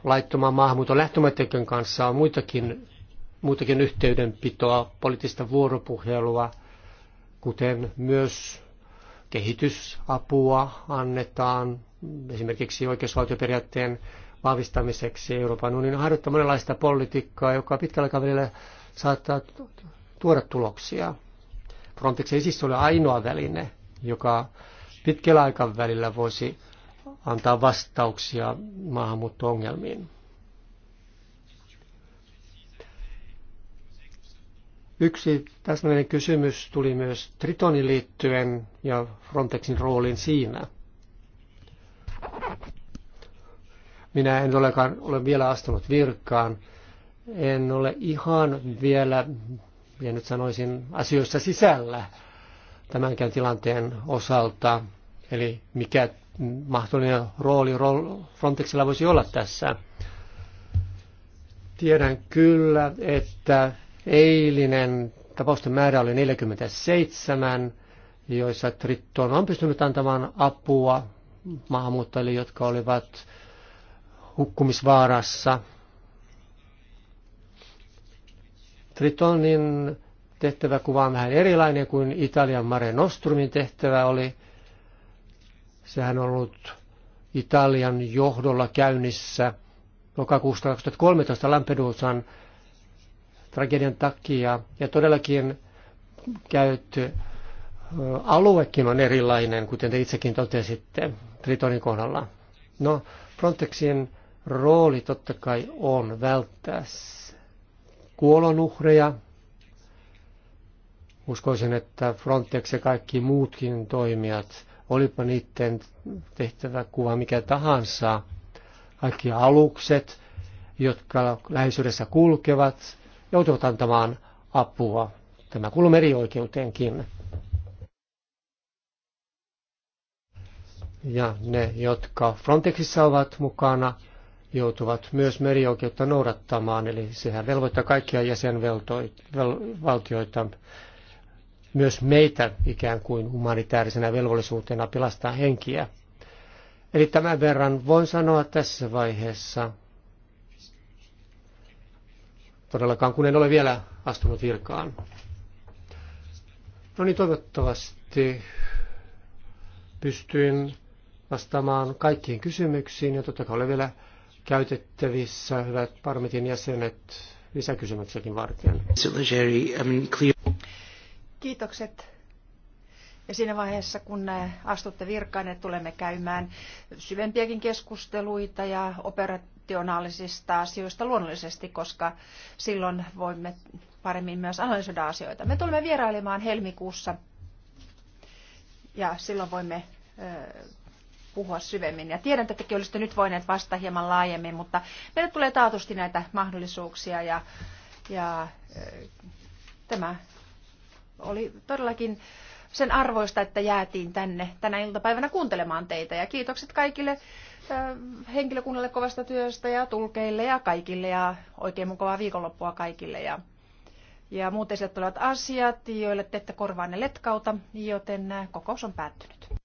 laittoman maahanmuuton lähtömaiden kanssa on muitakin, muitakin yhteydenpitoa, poliittista vuoropuhelua, kuten myös kehitysapua annetaan esimerkiksi oikeusvaltioperiaatteen vahvistamiseksi Euroopan unionin harjoittaa monenlaista politiikkaa, joka pitkällä kaverilla saattaa tuoda tuloksia. Frontex ei siis ole ainoa väline, joka pitkällä aikavälillä voisi antaa vastauksia maahanmuutto-ongelmiin. Yksi täsmällinen kysymys tuli myös Tritonin liittyen ja Frontexin roolin siinä. Minä en olekaan ole vielä astunut virkaan. En ole ihan vielä ja nyt sanoisin asioissa sisällä tämänkään tilanteen osalta. Eli mikä mahdollinen rooli Frontexilla voisi olla tässä. Tiedän kyllä, että eilinen tapausten määrä oli 47, joissa Triton on pystynyt antamaan apua maahanmuuttajille, jotka olivat hukkumisvaarassa Tritonin tehtäväkuva on vähän erilainen kuin Italian Mare Nostrumin tehtävä oli. Sehän on ollut Italian johdolla käynnissä lokakuusta 2013 Lampedusan tragedian takia. Ja todellakin käyty aluekin on erilainen, kuten te itsekin totesitte Tritonin kohdalla. No, Frontexin rooli totta kai on välttää kuolonuhreja. Uskoisin, että Frontex ja kaikki muutkin toimijat, olipa niiden kuva mikä tahansa, kaikki alukset, jotka läheisyydessä kulkevat, joutuvat antamaan apua. Tämä kuuluu merioikeuteenkin. Ja ne, jotka Frontexissa ovat mukana, joutuvat myös merioikeutta noudattamaan, eli sehän velvoittaa kaikkia jäsenvaltioita, myös meitä ikään kuin humanitaarisena velvollisuutena pelastaa henkiä. Eli tämän verran voin sanoa tässä vaiheessa, todellakaan kun en ole vielä astunut virkaan. No niin, toivottavasti pystyin vastaamaan kaikkiin kysymyksiin ja totta kai olen vielä käytettävissä, hyvät parlamentin jäsenet, lisäkysymyksetkin varten. Kiitokset. Ja siinä vaiheessa, kun äh, astutte virkaan, että tulemme käymään syvempiäkin keskusteluita ja operationaalisista asioista luonnollisesti, koska silloin voimme paremmin myös analysoida asioita. Me tulemme vierailemaan helmikuussa ja silloin voimme äh, puhua syvemmin. Ja tiedän, että tekin olisitte nyt voineet vastata hieman laajemmin, mutta meille tulee taatusti näitä mahdollisuuksia ja, ja tämä oli todellakin sen arvoista, että jäätiin tänne tänä iltapäivänä kuuntelemaan teitä. Ja kiitokset kaikille henkilökunnalle kovasta työstä ja tulkeille ja kaikille ja oikein mukavaa viikonloppua kaikille. Ja, ja muut esille tulevat asiat, joille te ette ne letkauta, joten kokous on päättynyt.